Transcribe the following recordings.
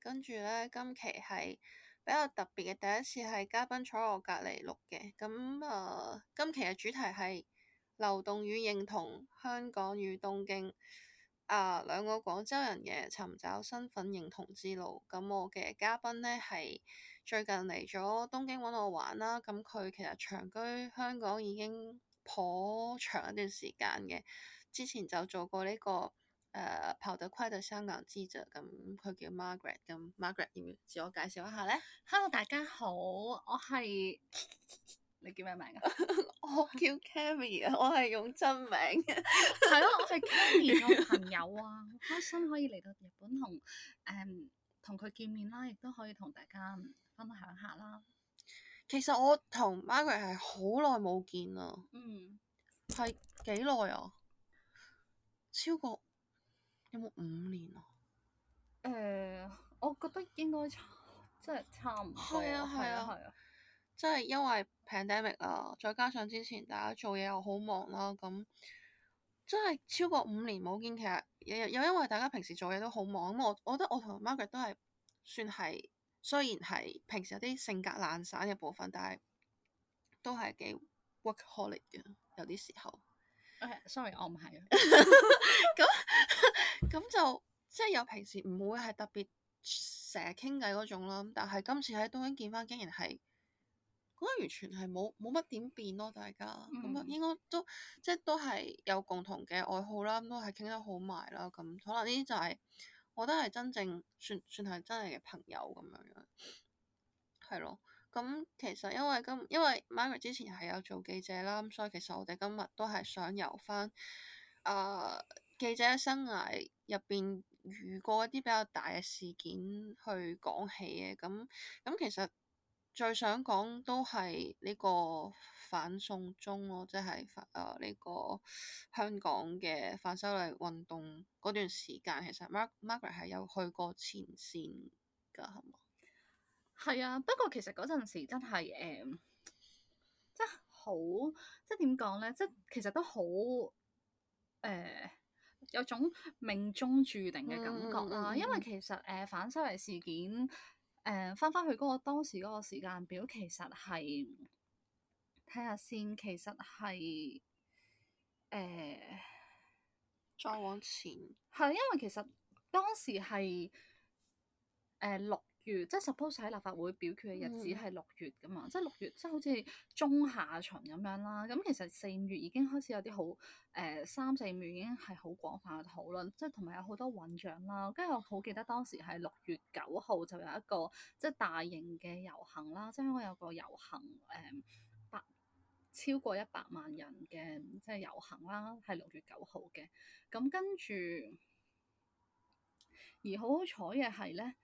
跟住呢，今期係比較特別嘅，第一次係嘉賓坐我隔離錄嘅。咁啊、呃，今期嘅主題係流動與認同，香港與東京啊，兩個廣州人嘅尋找身份認同之路。咁我嘅嘉賓呢，係最近嚟咗東京揾我玩啦。咁佢其實長居香港已經頗長一段時間嘅，之前就做過呢、呢個。誒、uh, 跑得快嘅香港記者，咁佢叫 Margaret，咁 Margaret 要唔要自我介紹一下咧？Hello，大家好，我係你叫咩名啊？ 我叫 Carrie 啊，我係用真名。係咯，我係 Carrie 嘅朋友啊，好開心可以嚟到日本同誒同佢見面啦，亦都可以同大家分享下啦。其實我同 Margaret 係好耐冇見啦。嗯。係幾耐啊？超過。有冇五年啊？誒、呃，我覺得應該差，即係差唔多。係啊，係啊，係啊！即係、啊啊、因為 pandemic 啦，再加上之前大家做嘢又好忙啦，咁真係超過五年冇見。其實又，又因為大家平時做嘢都好忙，咁我，我覺得我同 Margret 都係算係，雖然係平時有啲性格懶散嘅部分，但係都係幾 workaholic 嘅，有啲時候。Okay, sorry，我唔係，咁 咁就即係、就是、有平時唔會係特別成日傾偈嗰種啦，但係今次喺東京見翻，竟然係，咁啊完全係冇冇乜點變咯，大家咁啊、嗯、應該都即係、就是、都係有共同嘅愛好啦，都係傾得好埋啦，咁可能呢啲就係、是，我覺得係真正算算係真係嘅朋友咁樣樣，係咯。咁其實因為今因為 Margaret 之前係有做記者啦，咁所以其實我哋今日都係想由翻，誒、呃、記者嘅生涯入邊遇過一啲比較大嘅事件去講起嘅，咁咁其實最想講都係呢個反送中咯，即係誒呢個香港嘅反修例運動嗰段時間，其實 Mar Margaret 係有去過前線噶，係嘛？係啊，不過其實嗰陣時真係誒、嗯，即係好，即係點講咧？即係其實都好誒、呃，有種命中注定嘅感覺啦、啊。嗯嗯、因為其實誒、呃、反修例事件誒翻翻去嗰個當時嗰個時間表其，其實係睇下先，其實係誒再往前係、啊，因為其實當時係誒六，呃即係 suppose 喺立法會表決嘅日子係六月㗎嘛，嗯、即係六月即係好似中下旬咁樣啦。咁其實四五月已經開始有啲好誒，三、呃、四月已經係好廣泛好討即係同埋有好多醞釀啦。跟住我好記得當時係六月九號就有一個即係大型嘅遊行啦，即係我有個遊行誒百、呃、超過一百萬人嘅即係遊行啦，係六月九號嘅。咁跟住而好好彩嘅係咧。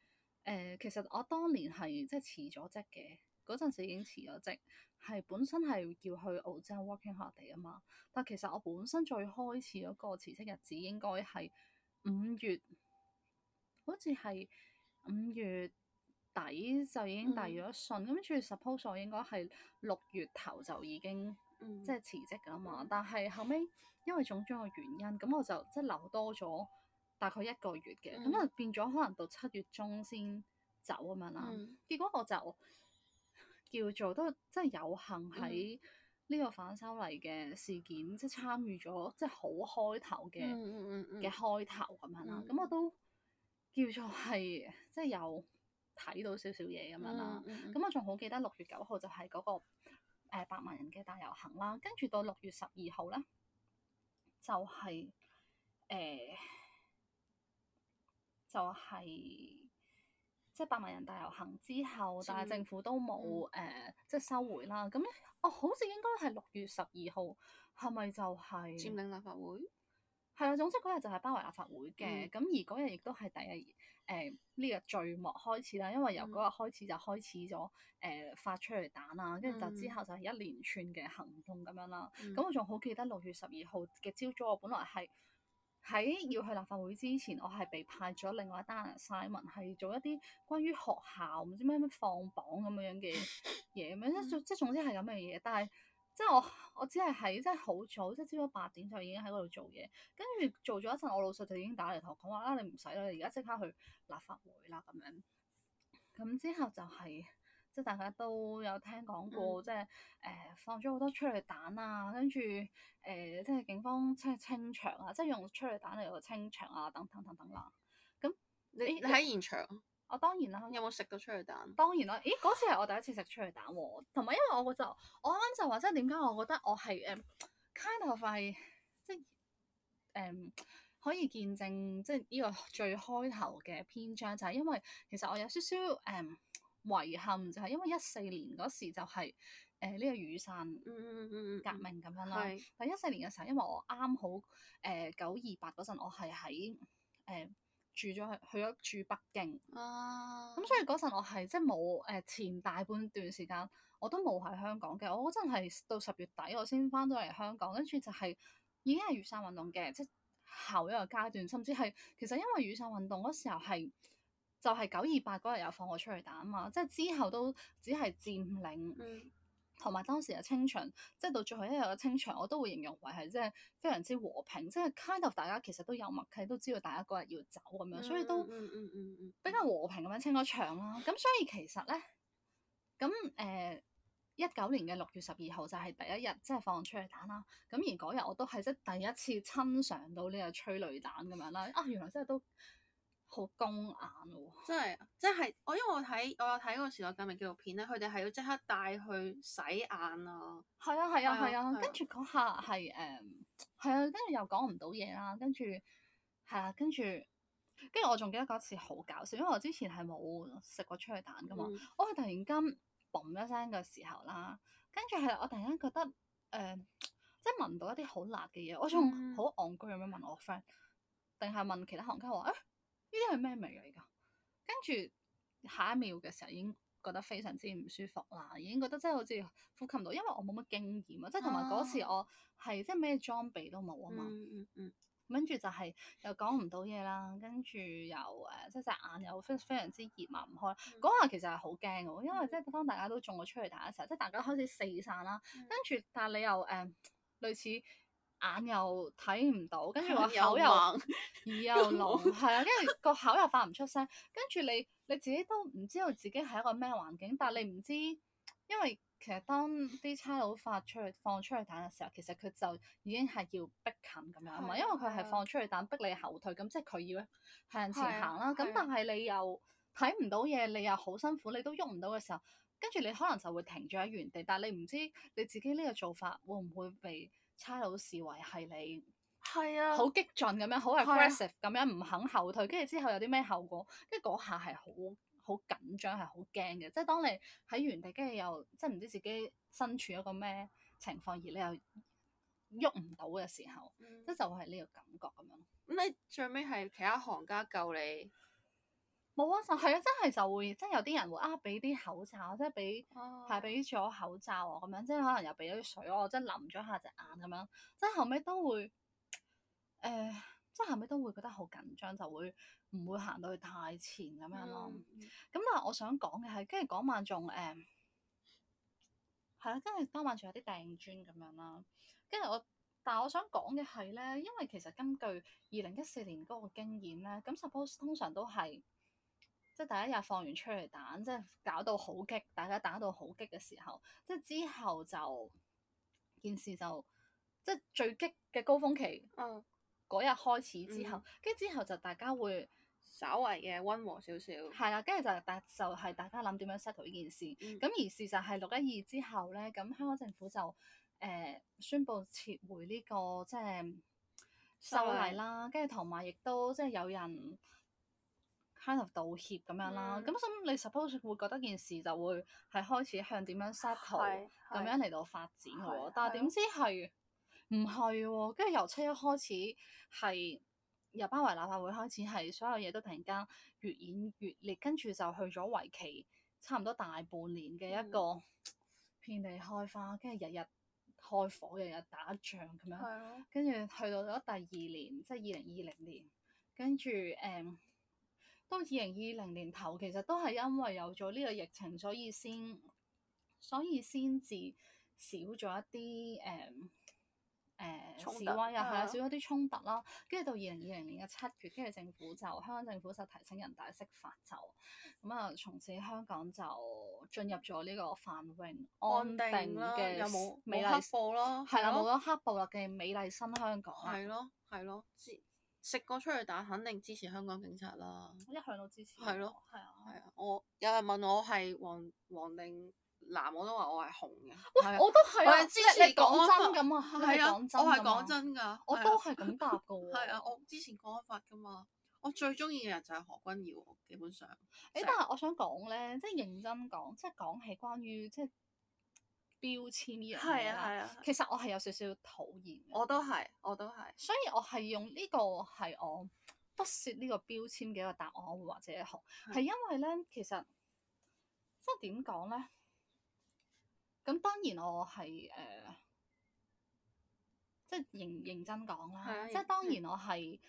誒，uh, 其實我當年係即係辭咗職嘅，嗰陣時已經辭咗職，係本身係要去澳洲 working holiday 啊嘛。但其實我本身最開始嗰個辭職日子應該係五月，好似係五月底就已經遞咗信，咁跟住 suppose 應該係六月頭就已經、嗯、即係辭職㗎嘛。但係後尾因為種種嘅原因，咁我就即係留多咗。大概一個月嘅咁啊，嗯、就變咗可能到七月中先走咁樣啦。嗯、結果我就叫做都真係有幸喺呢個反修例嘅事件，嗯、即係參與咗、嗯嗯嗯、即係好開頭嘅嘅、嗯嗯、開頭咁樣啦。咁、嗯、我都叫做係即係有睇到少少嘢咁樣啦。咁、嗯嗯、我仲好記得六月九號就係嗰、嗰個、呃、百萬人嘅大遊行啦，跟住到六月十二號咧就係、係、誒。呃就係呃呃就係即係百萬人大遊行之後，但係政府都冇誒、嗯呃、即係收回啦。咁哦，好似應該係六月十二號，係咪就係、是、佔領立法會？係啦，總之嗰日就係包圍立法會嘅。咁、嗯、而嗰日亦都係第一誒呢日序幕開始啦。因為由嗰日開始就開始咗誒、呃、發出淚彈啦，跟住就之後就係一連串嘅行動咁樣啦。咁、嗯、我仲好記得六月十二號嘅朝早，我本來係。喺要去立法會之前，我係被派咗另外一單新聞，係做一啲關於學校唔知咩咩放榜咁、 就是、樣嘅嘢咁樣，即即總之係咁嘅嘢。但係即我我只係喺即好早，即朝早八點就已經喺嗰度做嘢，跟住做咗一陣，我老細就已經打嚟同我講話啦，你唔使啦，你而家即刻去立法會啦咁樣。咁之後就係、是。即係大家都有聽講過，嗯、即係誒、呃、放咗好多催淚彈啊，跟住誒即係警方即係清場啊，即係用催淚彈嚟到清場啊，等等等等啦、啊。咁你你喺現場，我當然啦。有冇食到催淚彈？當然啦，咦嗰次係我第一次食催淚彈喎。同埋因為我就我啱啱就話，即係點解我覺得我係誒、um,，kind of 係即係誒、um, 可以見證即係呢個最開頭嘅篇章，就係、係、因為其實我有少少誒。Um, 遺憾就係因為一四年嗰時就係誒呢個雨傘革命咁樣啦。嗯嗯嗯、但一四年嘅時候，因為我啱好誒九二八嗰陣，呃、我係喺誒住咗去去咗住北京啊。咁所以嗰陣我係即係冇誒前大半段時間我都冇喺香港嘅。我嗰陣係到十月底我先翻到嚟香港，跟住就係、是、已經係雨傘運動嘅即係後一個階段，甚至係其實因為雨傘運動嗰時候係。就係九二八嗰日又放我出去打啊嘛，即係之後都只係佔領，同埋、嗯、當時嘅清場，即係到最後一日嘅清場，我都會形容為係即係非常之和平，即係 kind of 大家其實都有默契，都知道大家嗰日要走咁樣，所以都比較和平咁樣清咗場啦、啊。咁所以其實咧，咁誒一九年嘅六月十二號就係第一日即係放我出去打啦。咁而嗰日我都係即係第一次親嘗到呢個催淚彈咁樣啦。啊，原來真係都～好公眼喎、啊！真係，真係，我因為我睇我有睇嗰個時代革命紀錄片咧，佢哋係要即刻帶去洗眼啊！係啊，係啊，係啊，um, 啊！跟住嗰下係誒係啊，跟住又講唔到嘢啦，跟住係啦，跟住跟住我仲記得嗰次好搞笑，因為我之前係冇食過催淚彈噶嘛，嗯、我係突然間嘣一聲嘅時候啦，跟住係我突然間覺得誒，um, 即係聞到一啲好辣嘅嘢，我仲好戇居咁樣問我 friend，定係問其他行家話誒？呢啲係咩味嚟㗎？跟住下一秒嘅時候已經覺得非常之唔舒服啦，已經覺得真係好似呼吸唔到，因為我冇乜經驗啊，即係同埋嗰次我係即係咩裝備都冇啊嘛。嗯嗯嗯。跟、嗯、住、嗯、就係又講唔到嘢啦，跟住又誒，即係隻眼又非非常之熱埋唔開。嗰下、嗯、其實係好驚嘅，因為即係當大家都仲我出去打嘅時候，嗯、即係大家都開始四散啦。跟住、嗯，但係你又誒、嗯，類似。眼又睇唔到，跟住個口又耳又聾，係啊， 跟住個口又發唔出聲，跟住你你自己都唔知道自己係一個咩環境，但係你唔知，因為其實當啲差佬發出去放出去彈嘅時候，其實佢就已經係要逼近咁樣，係咪是？因為佢係放出去彈的逼你後退，咁即係佢要向前行啦。咁但係你又睇唔到嘢，你又好辛苦，你都喐唔到嘅時候，跟住你可能就會停咗喺原地。但係你唔知你自己呢個做法會唔會被差佬視為係你係啊，好激進咁樣，好 aggressive 咁樣，唔、啊、肯後退，跟住之後有啲咩後果？跟住嗰下係好好緊張，係好驚嘅，即係當你喺原地，跟住又即係唔知自己身處一個咩情況，而你又喐唔到嘅時候，即、嗯、就會係呢個感覺咁樣。咁你最尾係其他行家救你。冇啊，就係啊，真係就會，即係有啲人會啊，俾啲口罩，即係俾係俾咗口罩啊，咁樣即係可能又俾咗啲水我，即係淋咗下隻眼咁樣，即係後尾都會誒，即、呃、係後尾都會覺得好緊張，就會唔會行到去太前咁樣咯。咁、mm. 但係我想講嘅係，跟住嗰晚仲誒係啦，跟住嗰晚仲有啲掟磚咁樣啦。跟住我，但係我想講嘅係咧，因為其實根據二零一四年嗰個經驗咧，咁 suppose 通常都係。即係第一日放完出嚟打，即係搞到好激，大家打到好激嘅時候，即係之後就件事就即係最激嘅高峰期，嗰日、嗯、開始之後，跟住、嗯、之後就大家會稍微嘅溫和少少。係啦，跟住就大就係大家諗點樣 settle 呢件事。咁、嗯、而事實係六一二之後咧，咁香港政府就誒、呃、宣布撤回呢、這個即係修例啦，跟住同埋亦都即係有人。Kind of 道歉咁樣啦，咁咁、嗯、你 suppose 會覺得件事就會係開始向點樣 settle 咁樣嚟到發展喎，但係點知係唔係喎？跟住由七一開始係由包圍立法會開始係所有嘢都突然間越演越烈，跟住就去咗為期差唔多大半年嘅一個遍地開花，跟住日日開火，日日打仗咁樣，對跟住去到咗第二年即係二零二零年，跟住誒。Um, 到二零二零年頭，其實都係因為有咗呢個疫情，所以先，所以先至少咗一啲誒誒示威啊，係啊少咗啲衝突啦。跟住到二零二零年嘅七月，跟住政府就香港政府就提醒人大釋法，就咁啊，從此香港就進入咗呢個繁榮安定嘅有冇美麗，冇黑暴咯，係啦，冇咗、啊、黑暴嘅美麗新香港啊，係咯、啊，係咯、啊，食過出去打，肯定支持香港警察啦，我一向都支持，係咯的，係啊的，啊。我有人問我係黃黃定藍，我都話我係紅嘅。喂，我,我都係啊，你講真咁啊，我係講真㗎，我都係咁答嘅喎。係啊，我之前講法㗎嘛。我最中意嘅人就係何君堯，基本上。誒、欸，但係我想講呢，即係認真講，即係講係關於即係。標籤呢樣嘢啦，啊啊、其實我係有少少討厭我都係，我都係。所以我係用呢個係我不屑呢個標籤嘅一個答案，或者紅，係、啊、因為咧，其實即係點講咧？咁當然我係誒、呃，即係認認真講啦。啊、即係當然我係誒、啊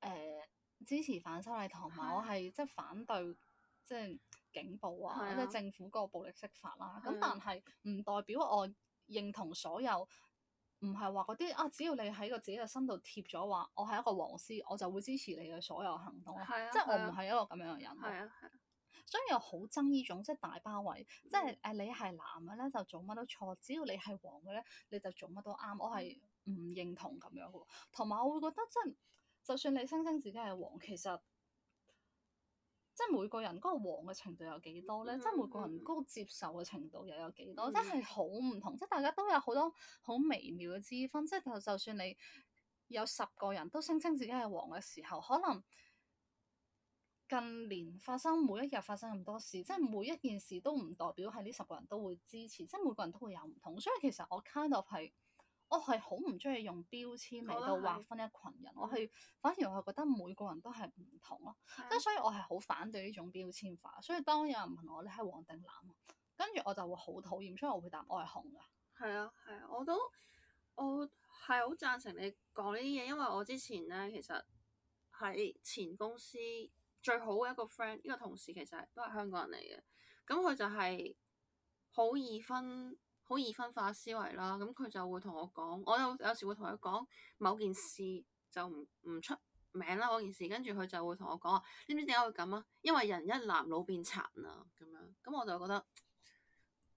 呃、支持反修例同埋，我係即係反對即係。警暴啊，啊或者政府嗰個暴力釋法啦、啊。咁、啊、但係唔代表我認同所有，唔係話嗰啲啊，只要你喺個自己嘅身度貼咗話，我係一個黃絲，我就會支持你嘅所有行動。即係、啊、我唔係一個咁樣嘅人。啊、所以好憎呢種即係、就是、大包圍，即係、啊就是、你係男嘅咧就做乜都錯，只要你係黃嘅咧你就做乜都啱。我係唔認同咁樣嘅，同埋我會覺得真，就算你聲稱自己係黃，其實即係每個人嗰個黃嘅程度有幾多咧？Mm hmm. 即係每個人嗰個接受嘅程度又有幾多？即係好唔同。即係大家都有好多好微妙嘅之分。即係就就算你有十個人都聲稱自己係黃嘅時候，可能近年發生每一日發生咁多事，即係每一件事都唔代表係呢十個人都會支持。即係每個人都會有唔同。所以其實我 kind of 係。我係好唔中意用標籤嚟到劃分一群人，我係反而我係覺得每個人都係唔同咯，咁、嗯、所以我係好反對呢種標籤化。所以當有人問我你係黃定藍，跟住我就會好討厭，所以我會答我係紅噶。係啊係啊，我都我係好贊成你講呢啲嘢，因為我之前呢其實喺前公司最好嘅一個 friend，一個同事其實都係香港人嚟嘅，咁佢就係好易分。好易分化思維啦，咁佢就會同我講，我有有時會同佢講某件事就唔唔出名啦嗰件事，跟住佢就會同我講啊，知唔知點解會咁啊？因為人一藍腦變殘啊咁樣，咁我就覺得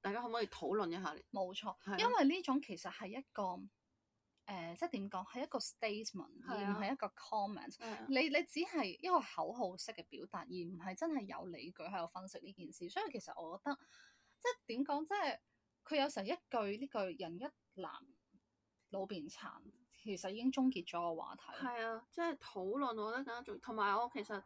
大家可唔可以討論一下？冇錯，啊、因為呢種其實係一個誒、呃，即係點講係一個 statement，啊、而唔係一個 comment、啊。你你只係一個口號式嘅表達，而唔係真係有理據喺度分析呢件事，所以其實我覺得即係點講，即係。佢有時一句呢句人一藍，腦便殘，其實已經終結咗個話題。係啊，即係討論，我覺得更加重要。同埋我其實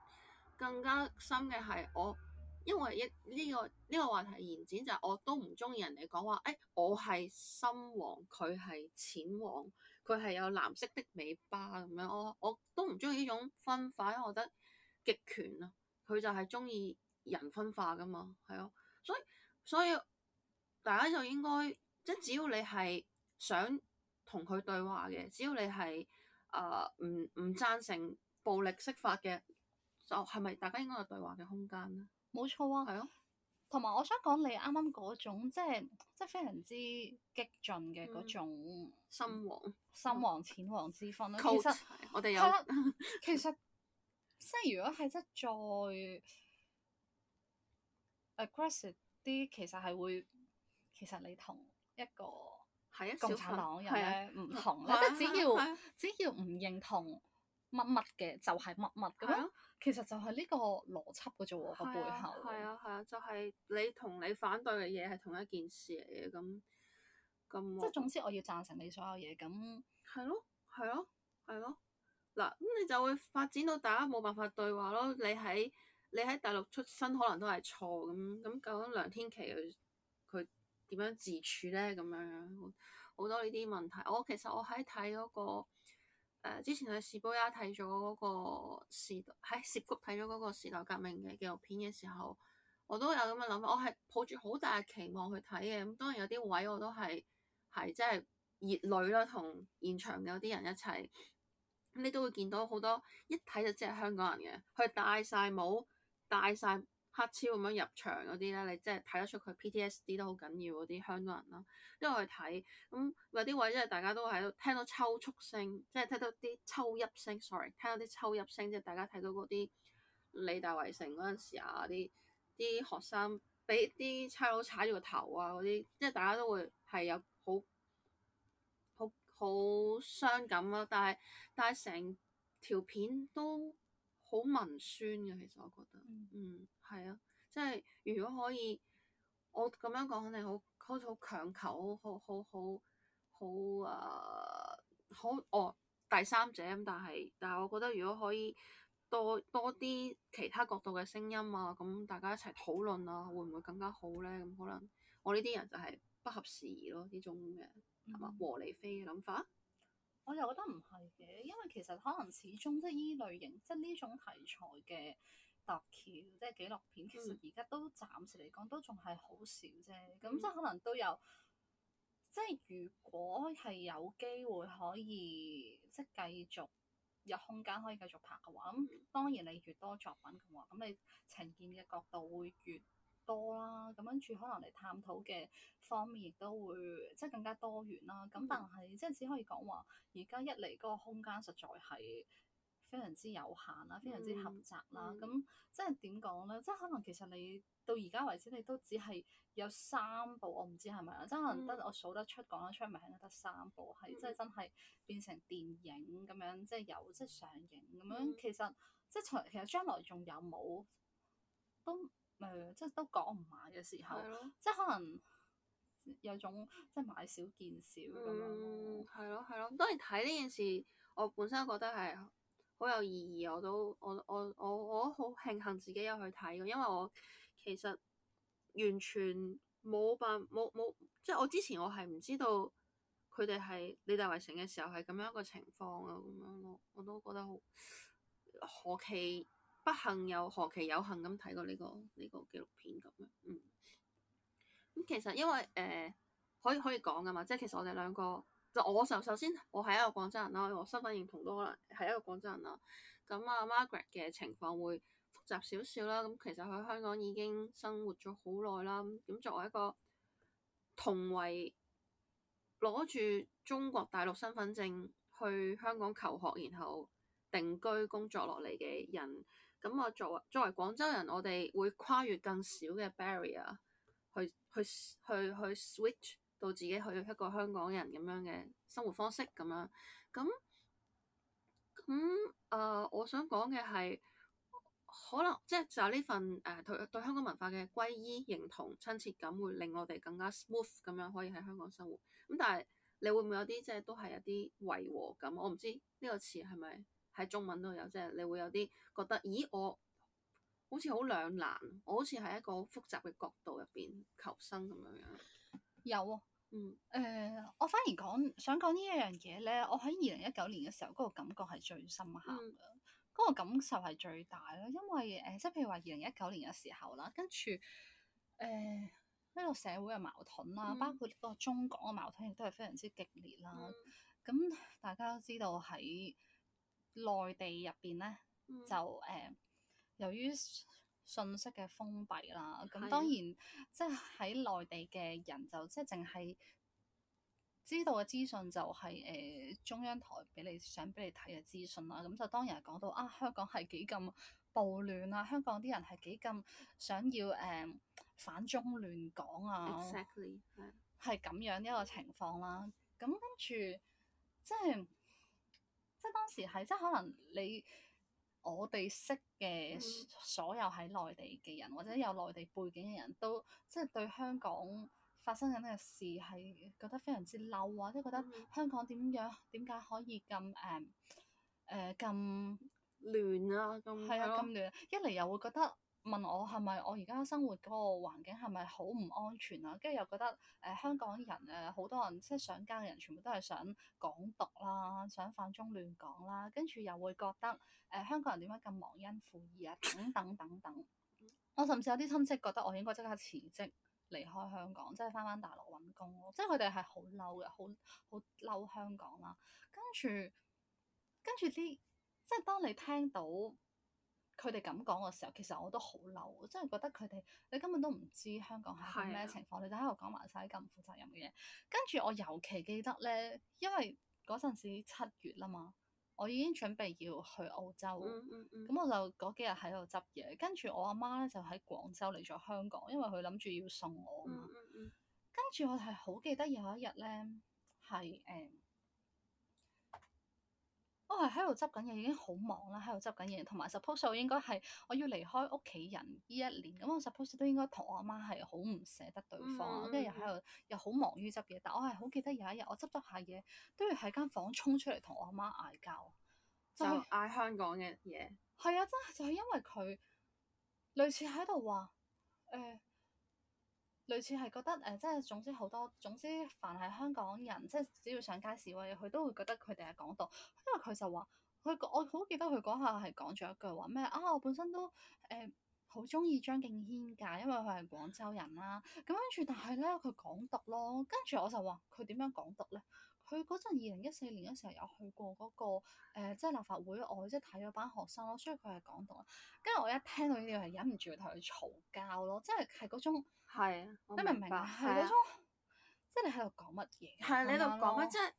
更加深嘅係我，因為一、呢、呢個呢、呢個話題延展就係、係、我都唔中意人哋講話，誒、哎、我係深黃，佢係淺黃，佢係有藍色的尾巴咁樣。我我都唔中意呢種分化，因為我覺得極權啦。佢就係中意人分化噶嘛，係咯、啊，所以所以。大家就應該，即只要你係想同佢對話嘅，只要你係誒唔唔贊成暴力釋法嘅，就係、是、咪大家應該有對話嘅空間咧？冇錯啊，係咯、啊。同埋我想講你啱啱嗰種，即係即係非常之激進嘅嗰、嗯、種深黃、深黃王淺黃之分咧實。 其實我哋有其實即係，如果係真再 aggressive 啲，其實係會。其實你同一個共產黨人咧唔同，你得只要只要唔認同乜乜嘅就係乜乜咁，其實就係呢個邏輯嘅啫喎，個背後。係啊係啊，就係你同你反對嘅嘢係同一件事嚟嘅咁咁。即係總之，我要贊成你所有嘢咁。係咯係咯係咯嗱咁，你就會發展到大家冇辦法對話咯。你喺你喺大陸出身可能都係錯咁咁，究竟梁天琦點樣自處咧？咁樣好，好多呢啲問題。我其實我喺睇嗰個、呃、之前去澀谷睇咗嗰個時喺澀谷睇咗嗰個時代革命嘅紀錄片嘅時候，我都有咁嘅諗法。我係抱住好大嘅期望去睇嘅。咁當然有啲位我都係係即係熱淚啦，同現場有啲人一齊你都會見到好多一睇就即係香港人嘅，佢戴晒帽，戴晒。黑超咁樣入場嗰啲咧，你即係睇得出佢 PTSD 都好緊要嗰啲香港人啦。因為我睇咁有啲位，因為大家都喺度聽到抽搐聲，即係聽到啲抽泣聲。sorry，聽到啲抽泣聲，即係大家睇到嗰啲理大圍城嗰陣時啊，啲啲學生俾啲差佬踩住個頭啊嗰啲，即係大家都會係有好好好傷感咯。但係但係成條片都～好文宣嘅，其實我覺得，嗯，係、嗯、啊，即係如果可以，我咁樣講肯定好，好似好強求，好，好好好，誒，好、啊，哦，第三者咁，但係，但係我覺得如果可以多多啲其他角度嘅聲音啊，咁大家一齊討論啊，會唔會更加好咧？咁可能我呢啲人就係不合時宜咯，呢種嘅係咪和理非嘅諗法？嗯我就覺得唔係嘅，因為其實可能始終即係呢類型，即係呢種題材嘅特色，即係紀錄片，其實而家都暫時嚟講都仲係好少啫。咁即係可能都有，即係如果係有機會可以即係繼續有空間可以繼續拍嘅話，咁當然你越多作品嘅話，咁你呈現嘅角度會越多啦，咁跟住可能嚟探討嘅方面亦都會即係更加多元啦。咁但係即係只可以講話，而家一嚟嗰個空間實在係非常之有限啦，非常之狹窄啦。咁即係點講咧？即係可能其實你到而家為止，你都只係有三部，我唔知係咪啊？即係可能得、嗯、我數得出講得出，咪係得三部，係、嗯、即係真係變成電影咁樣，即係有即係上映咁樣、嗯其，其實即係其實將來仲有冇都？即係、 嗯、都講唔埋嘅時候，即係了可能有種即係、就是、買少見少咁樣。嗯，係咯係咯，嗯、了當然睇呢件事，我本身覺得係好有意義。我都我我我我都好慶幸自己有去睇，因為我其實完全冇辦冇冇，即係我之前我係唔知道佢哋係理大圍城嘅時候係咁樣一個情況咯咁樣咯，我都覺得好可期。不幸又何其有幸咁睇過呢、這個呢、這個紀錄片咁樣，嗯，咁其實因為誒、呃，可以可以講噶嘛，即係其實我哋兩個就我就首先我係一個廣州人啦，我身份認同都可能係一個廣州人啦。咁、嗯、啊 Margaret 嘅情況會複雜少少啦，咁、嗯、其實佢喺香港已經生活咗好耐啦。咁、嗯、作為一個同為攞住中國大陸身份證去香港求學然後定居工作落嚟嘅人。咁我作為，作為廣州人，我哋會跨越更少嘅 barrier，去去去去 switch 到自己去一個香港人咁樣嘅生活方式咁樣。咁咁啊，我想講嘅係可能即係就呢、是、份誒、呃、對，對香港文化嘅歸依、認同、親切感，會令我哋更加 smooth 咁樣可以喺香港生活。咁但係你會唔會有啲即係都係一啲違和感？我唔知呢、這個詞係咪？喺中文都有，即係你會有啲覺得，咦？我好似好兩難，我好似喺一個好複雜嘅角度入邊求生咁樣樣。有啊、哦，嗯、呃，我反而講想講呢一樣嘢咧，我喺二零一九年嘅時候，嗰、嗰個感覺係最深刻嘅，嗰、嗯、個感受係最大咯。因為誒，即係譬如話二零一九年嘅時候啦，跟住誒呢個社會嘅矛盾啦，嗯、包括呢個中港嘅矛盾亦都係非常之激烈啦。咁、嗯嗯、大家都知道喺～內地入邊咧，嗯、就誒，uh, 由於信息嘅封閉啦，咁是當然即係喺內地嘅人就即係淨係知道嘅資訊就係、是、誒、uh, 中央台俾你想俾你睇嘅資訊啦。咁就當然係講到啊，香港係幾咁暴亂啊，香港啲人係幾咁想要誒、uh, 反中亂港啊，係係咁樣一個情況啦。咁跟住即係。就是即係當時係，即係可能你我哋識嘅、嗯、所有喺內地嘅人，或者有內地背景嘅人都，即係對香港發生緊嘅事係覺得非常之嬲啊！即係、嗯、覺得香港點樣點解可以咁誒誒咁亂啊？咁係啊咁亂啊，一嚟又會覺得。問我係咪我而家生活嗰個環境係咪好唔安全啊？跟住又覺得誒、呃、香港人誒好多人即係想家嘅人全部都係想港獨啦，想反中亂港啦，跟住又會覺得誒、呃、香港人點解咁忘恩負義啊？等等等等，我甚至有啲親戚覺得我應該即刻辭職離開香港，即係返返大陸搵工、啊，即係佢哋係好嬲嘅，好好嬲香港啦、啊。跟住跟住啲即係當你聽到。佢哋咁講嘅時候，其實我都好嬲，我真係覺得佢哋你根本都唔知香港係咩情況，啊、你就喺度講埋晒啲咁唔負責任嘅嘢。跟住我尤其記得咧，因為嗰陣時七月啦嘛，我已經準備要去澳洲，咁、嗯嗯嗯、我就嗰幾日喺度執嘢。跟住我阿媽咧就喺廣州嚟咗香港，因為佢諗住要送我嘛。嗯嗯嗯、跟住我係好記得有一日咧，係誒。Um, 我係喺度執緊嘢，已經好忙啦，喺度執緊嘢，同埋 suppose 我應該係我要離開屋企人呢一年，咁我 suppose 都應該同我阿媽係好唔捨得對方，跟住、嗯、又喺度、嗯、又好忙於執嘢，但我係好記得有一日我執執下嘢，都要喺間房衝出嚟同我阿媽嗌交，就嗌、係、香港嘅嘢。係啊，真係就係、係、因為佢類似喺度話誒。呃類似係覺得誒，即、呃、係總之好多總之，凡係香港人，即係只要上街示威，佢都會覺得佢哋係港獨，因為佢就話佢我好記得佢嗰下係講咗一句話咩啊？我本身都誒好中意張敬軒㗎，因為佢係廣州人啦。咁跟住，但係咧佢港獨咯。跟住我就話佢點樣港獨咧？佢嗰陣二零一四年嗰時候有去過嗰、那個誒、呃，即係立法會外即係睇咗班學生咯，所以佢係港獨。跟住我一聽到呢啲，係忍唔住要同佢嘈交咯，即係係嗰種。係，你明唔明白？係嗰種，係啊、即係你喺度講乜嘢？係你喺度講乜？即係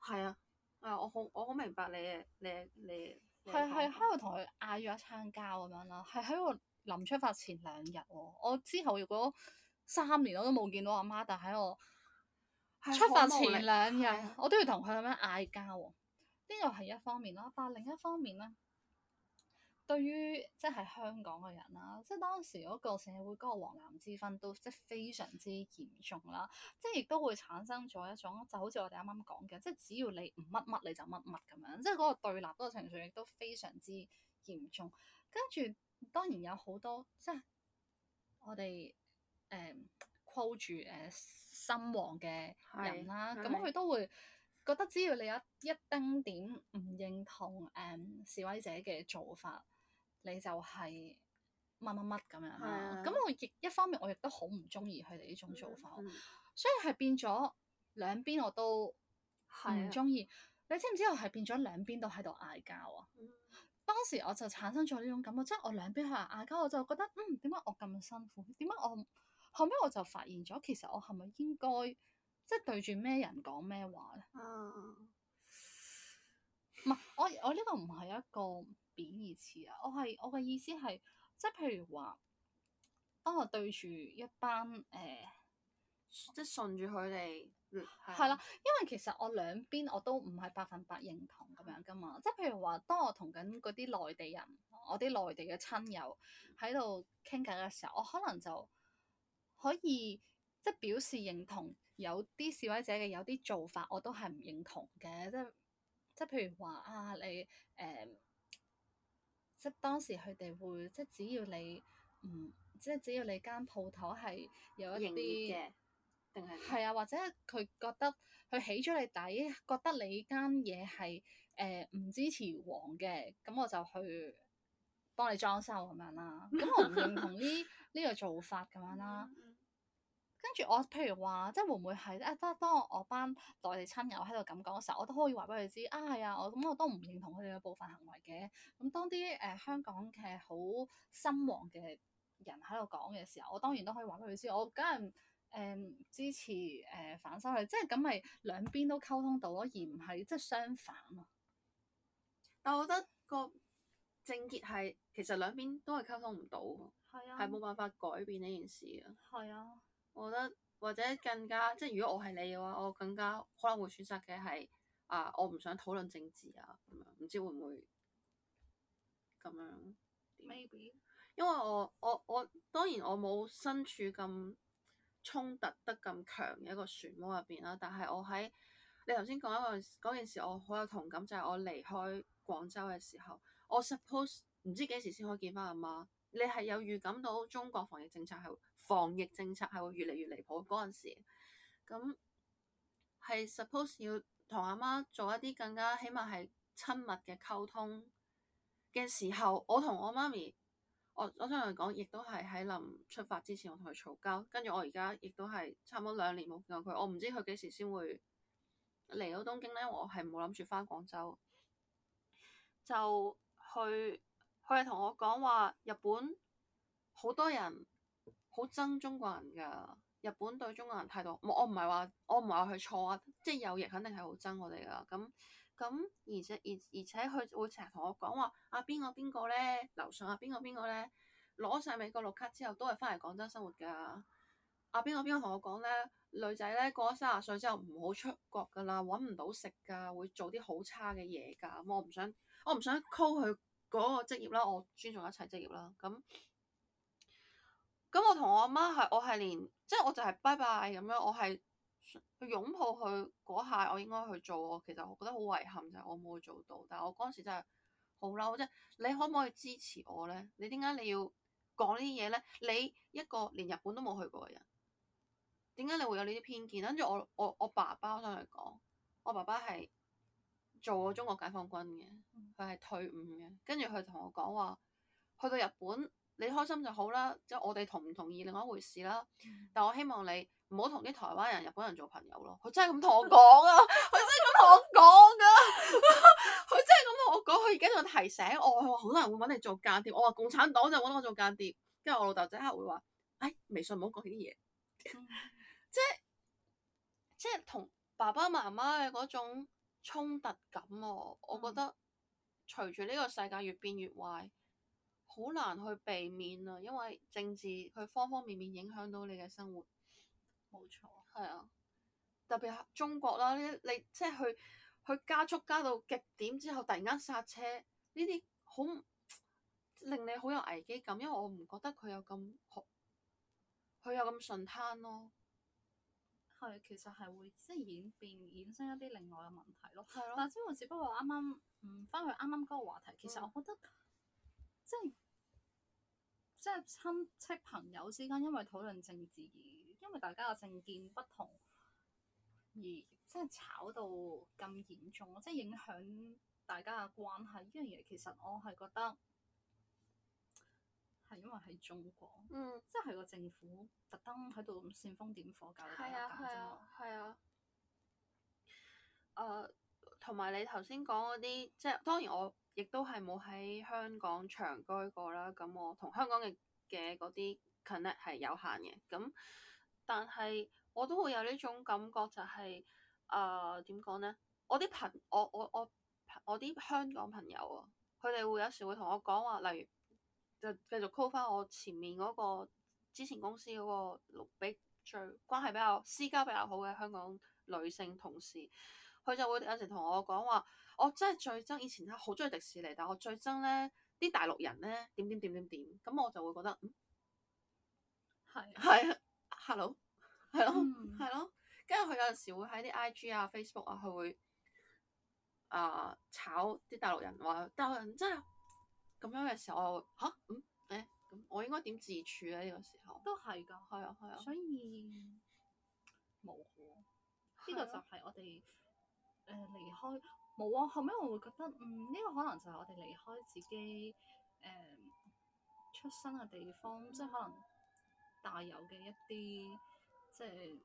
係啊，誒、啊，我好，我好明白你，你，你係係喺度同佢嗌咗一餐交咁樣啦。係喺我臨出發前兩日喎，我之後如果三年我都冇見到阿媽，但喺我出發前兩日，啊、我都要同佢咁樣嗌交喎。呢個係一方面啦，但另一方面呢。對於即係香港嘅人啦，即係當時嗰個社會嗰個黃藍之分都即係非常之嚴重啦，即係亦都會產生咗一種就好似我哋啱啱講嘅，即係只要你唔乜乜你就乜乜咁樣，即係嗰個對立嗰個情緒亦都非常之嚴重。跟住當然有好多即係我哋誒 quote 住誒心黃嘅人啦，咁佢都會覺得只要你有一丁點唔認同誒、呃、示威者嘅做法。你就係乜乜乜咁樣啦，咁的我亦一方面我亦都好唔中意佢哋呢種做法，所以係變咗兩邊我都唔中意。的你知唔知我係變咗兩邊都喺度嗌交啊？的當時我就產生咗呢種感覺，即係我兩邊喺度嗌交，我就覺得嗯，點解我咁辛苦？點解我後尾我就發現咗，其實我係咪應該即係對住咩人講咩話咧？唔係、嗯、我我呢個唔係一個。貶義詞啊！我係，我嘅意思係，即係譬如話，當我對住一班誒，呃、即係順住佢哋，係、嗯、啦，的因為其實我兩邊我都唔係百分百認同咁樣噶嘛。嗯、即係譬如話，當我同緊嗰啲內地人，我啲內地嘅親友喺度傾偈嘅時候，嗯、我可能就可以即係表示認同，有啲示威者嘅有啲做法，我都係唔認同嘅。即係即係譬如話啊，你誒。呃即當時佢哋會，即只要你唔、嗯，即只要你間鋪頭係有一啲，定係係啊，或者佢覺得佢起咗你底，覺得你間嘢係誒唔支持黃嘅，咁我就去幫你裝修咁樣啦。咁我唔認同呢呢 個做法咁樣啦。跟住我，譬如話，即係會唔會係咧、啊？當當我，我班內地親友喺度咁講嘅時候，我都可以話俾佢知啊。係啊，我咁我都唔認同佢哋嘅部分行為嘅。咁當啲誒、呃、香港嘅好心黃嘅人喺度講嘅時候，我當然都可以話俾佢知，我梗係誒支持誒、呃、反修例。即係咁，咪兩邊都溝通到咯，而唔係即係相反啊。但我覺得個症結係其實兩邊都係溝通唔到，係啊，係冇辦法改變呢件事啊。係啊。我覺得或者更加即係，如果我係你嘅話，我更加可能會選擇嘅係啊，我唔想討論政治啊，咁樣唔知會唔會咁樣，樣？Maybe，因為我我我當然我冇身處咁衝突得咁強嘅一個漩渦入邊啦，但係我喺你頭先講嗰件件事，我好有同感，就係我離開廣州嘅時候，我 suppose 唔知幾時先可以見翻阿媽。你係有預感到中國防疫政策係？防疫政策係會越嚟越離譜嗰陣時，咁係 suppose 要同阿媽做一啲更加起碼係親密嘅溝通嘅時候，我同我媽咪，我我想同佢講，亦都係喺臨出發之前，我同佢嘈交，跟住我而家亦都係差唔多兩年冇見到佢，我唔知佢幾時先會嚟到東京咧。我係冇諗住返廣州，就去，佢係同我講話日本好多人，好憎中國人噶，日本對中國人態度，我唔係話我唔係話佢錯說說啊，即係右翼肯定係好憎我哋噶。咁咁，而且而而且佢會成日同我講話啊，邊個邊個咧樓上啊，邊個邊個咧攞晒美國綠卡之後都係翻嚟廣州生活噶。啊邊個邊個同我講咧，女仔咧過咗卅歲之後唔好出國㗎啦，揾唔到食㗎，會做啲好差嘅嘢㗎。咁我唔想我唔想 call 佢嗰個職業啦，我尊重一切職業啦。咁。咁我同我阿媽係，我係連即係我就係拜拜。e 咁樣，我係去擁抱佢嗰下，我應該去做。我其實我覺得好遺憾就係、是、我冇做到，但係我嗰陣時真係好嬲啫！你可唔可以支持我咧？你點解你要講呢啲嘢咧？你一個連日本都冇去過嘅人，點解你會有呢啲偏見？跟住我我我爸爸想嚟講，我爸爸係做過中國解放軍嘅，佢係退伍嘅，跟住佢同我講話去到日本。你開心就好啦，即係我哋同唔同意另外一回事啦。嗯、但我希望你唔好同啲台灣人、日本人做朋友咯。佢真係咁同我講啊，佢 真係咁同我講噶，佢真係咁同我講。佢而家就提醒我，佢話好多人會搵你做間諜。我話共產黨就搵我做間諜，跟住我老豆即刻會話，唉、哎，微信唔好講呢啲嘢，即係即係同爸爸媽媽嘅嗰種衝突感哦、啊。我覺得隨住呢個世界越變越壞。好難去避免啊，因為政治佢方方面面影響到你嘅生活，冇錯，係啊，特別係中國啦，你，你即係去去加速加到極點之後，突然間剎車，呢啲好令你好有危機感，因為我唔覺得佢有咁好，佢有咁順攤咯，係其實係會即係、就是、演變衍生一啲另外嘅問題咯，係咯，但係呢個只不過啱啱唔翻去啱啱嗰個話題，其實我覺得即係。嗯即係親戚朋友之間，因為討論政治，因為大家嘅政見不同而即係炒到咁嚴重，即係影響大家嘅關係。呢樣嘢其實我係覺得係因為喺中國，嗯、即係個政府特登喺度煽風點火，搞大家咁啫嘛、嗯嗯、啊，同埋、啊啊呃、你頭先講嗰啲，即係當然我。亦都係冇喺香港長居過啦，咁我同香港嘅嘅嗰啲 connect 係有限嘅。咁但係我都會有呢種感覺、就係，就係啊點講咧？我啲朋友，我我我我啲香港朋友啊，佢哋會有時會同我講話，例如就繼續 call 翻我前面嗰、嗰個之前公司嗰個六比最關係比較私交比較好嘅香港女性同事，佢就會有時同我講話。我真係最憎以前咧，好中意迪士尼，但係我最憎咧啲大陸人咧點點點點點，咁我就會覺得，嗯，係係啊 hello，係咯係咯，跟住佢有陣時會喺啲 IG 啊 Facebook 啊，佢、啊、會啊、呃、炒啲大陸人話大陸人真係咁樣嘅時候，我嚇、啊、嗯誒咁，欸、我應該點自處咧呢、這個時候？都係噶，係啊係啊，所以冇可，呢個就係我哋誒離開。冇啊，後尾我會覺得嗯，呢、這個可能就係我哋離開自己誒、呃、出生嘅地方，嗯、即係可能帶有嘅一啲即係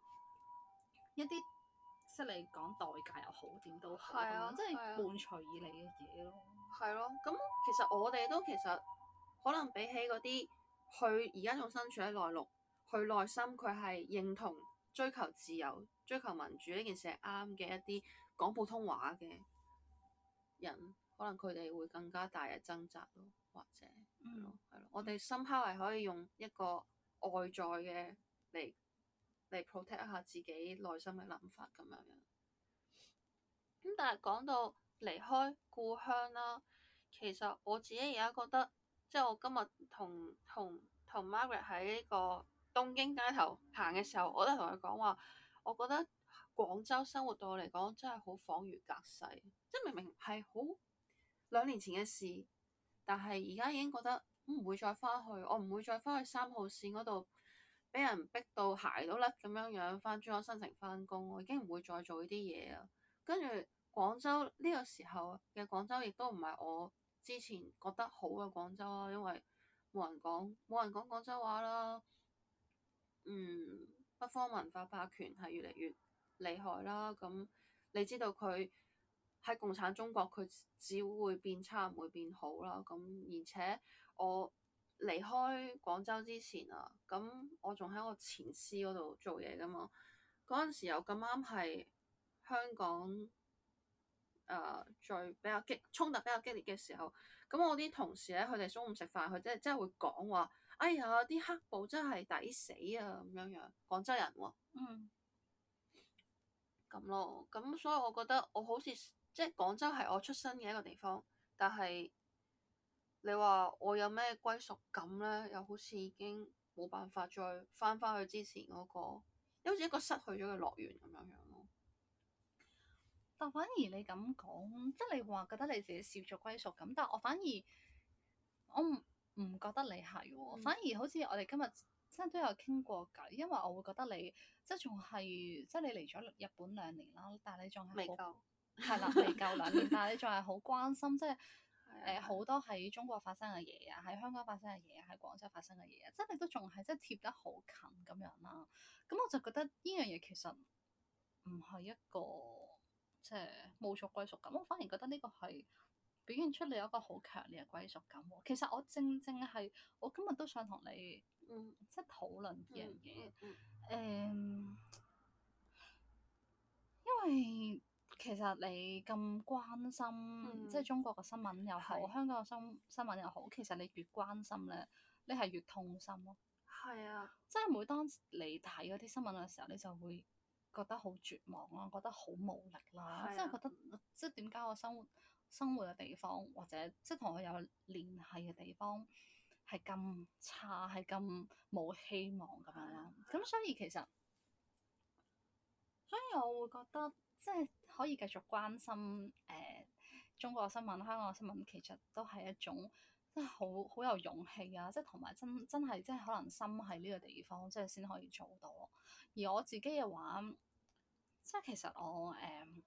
一啲即係你講代價又好點都好，啊、即係伴隨以嚟嘅嘢咯。係咯、啊，咁、啊、其實我哋都其實可能比起嗰啲佢而家仲身處喺內陸，佢內心佢係認同追求自由、追求民主呢件事係啱嘅一啲講普通話嘅。人可能佢哋會更加大嘅掙扎咯，或者係咯，係咯、mm hmm。我哋深刻係可以用一個外在嘅嚟嚟 protect 一下自己內心嘅諗法咁樣樣。咁但係講到離開故鄉啦，其實我自己而家覺得，即係我今日同同同 Margaret 喺呢個東京街頭行嘅時候，我都同佢講話，我覺得廣州生活對我嚟講真係好恍如隔世。即明明係好兩年前嘅事，但係而家已經覺得唔會再翻去，我唔會再翻去三號線嗰度俾人逼到鞋都甩咁樣樣翻珠江新城翻工，我已經唔會再做呢啲嘢啦。跟住廣州，呢個時候嘅廣州，亦都唔係我之前覺得好嘅廣州啦，因為冇人講冇人講廣州話啦。嗯，北方文化霸權係越嚟越厲害啦。咁你知道佢？喺共產中國，佢只會變差唔會變好啦。咁而且我離開廣州之前啊，咁我仲喺我前司嗰度做嘢噶嘛。嗰陣時又咁啱係香港，誒、呃、最比較激衝突比較激烈嘅時候。咁我啲同事咧，佢哋中午食飯，佢真係真係會講話，哎呀啲黑暴真係抵死啊咁樣樣。廣州人喎，嗯，咁咯。咁所以我覺得我好似。即係廣州係我出生嘅一個地方，但係你話我有咩歸屬感咧，又好似已經冇辦法再翻翻去之前嗰個，好似一個失去咗嘅樂園咁樣樣咯。但反而你咁講，即係你話覺得你自己少咗歸屬感，但係我反而我唔唔覺得你係哦，嗯，反而好似我哋今日真係都有傾過偈，因為我會覺得你即係仲係即係你嚟咗日本兩年啦，但係你仲係未夠。係啦，未 夠兩年，但係你仲係好關心，即係誒好多喺中國發生嘅嘢啊，喺香港發生嘅嘢啊，喺廣州發生嘅嘢啊，即係你都仲係即係貼得好近咁樣啦。咁我就覺得呢樣嘢其實唔係一個即係冇錯歸屬感，我反而覺得呢個係表現出你有一個好強烈嘅歸屬感。其實我正正係我今日都想同你嗯，即係討論呢樣嘢，誒、呃，因為。其實你咁關心，嗯、即係中國嘅新聞又好，是香港嘅新新聞又好，其實你越關心咧，你係越痛心咯。係啊！即係每當你睇嗰啲新聞嘅時候，你就會覺得好絕望啊，覺得好無力啦、啊，即係覺得即係點解我生活生活嘅地方或者即係同我有聯繫嘅地方係咁差，係咁冇希望咁樣啦。咁、啊、所以其實，是所以我會覺得即係。可以繼續關心誒、uh, 中國新聞、香港嘅新聞，其實都係一種真係好好有勇氣啊！即係同埋真真係真係可能心喺呢個地方，即係先可以做到。而我自己嘅話，即係其實我誒、uh,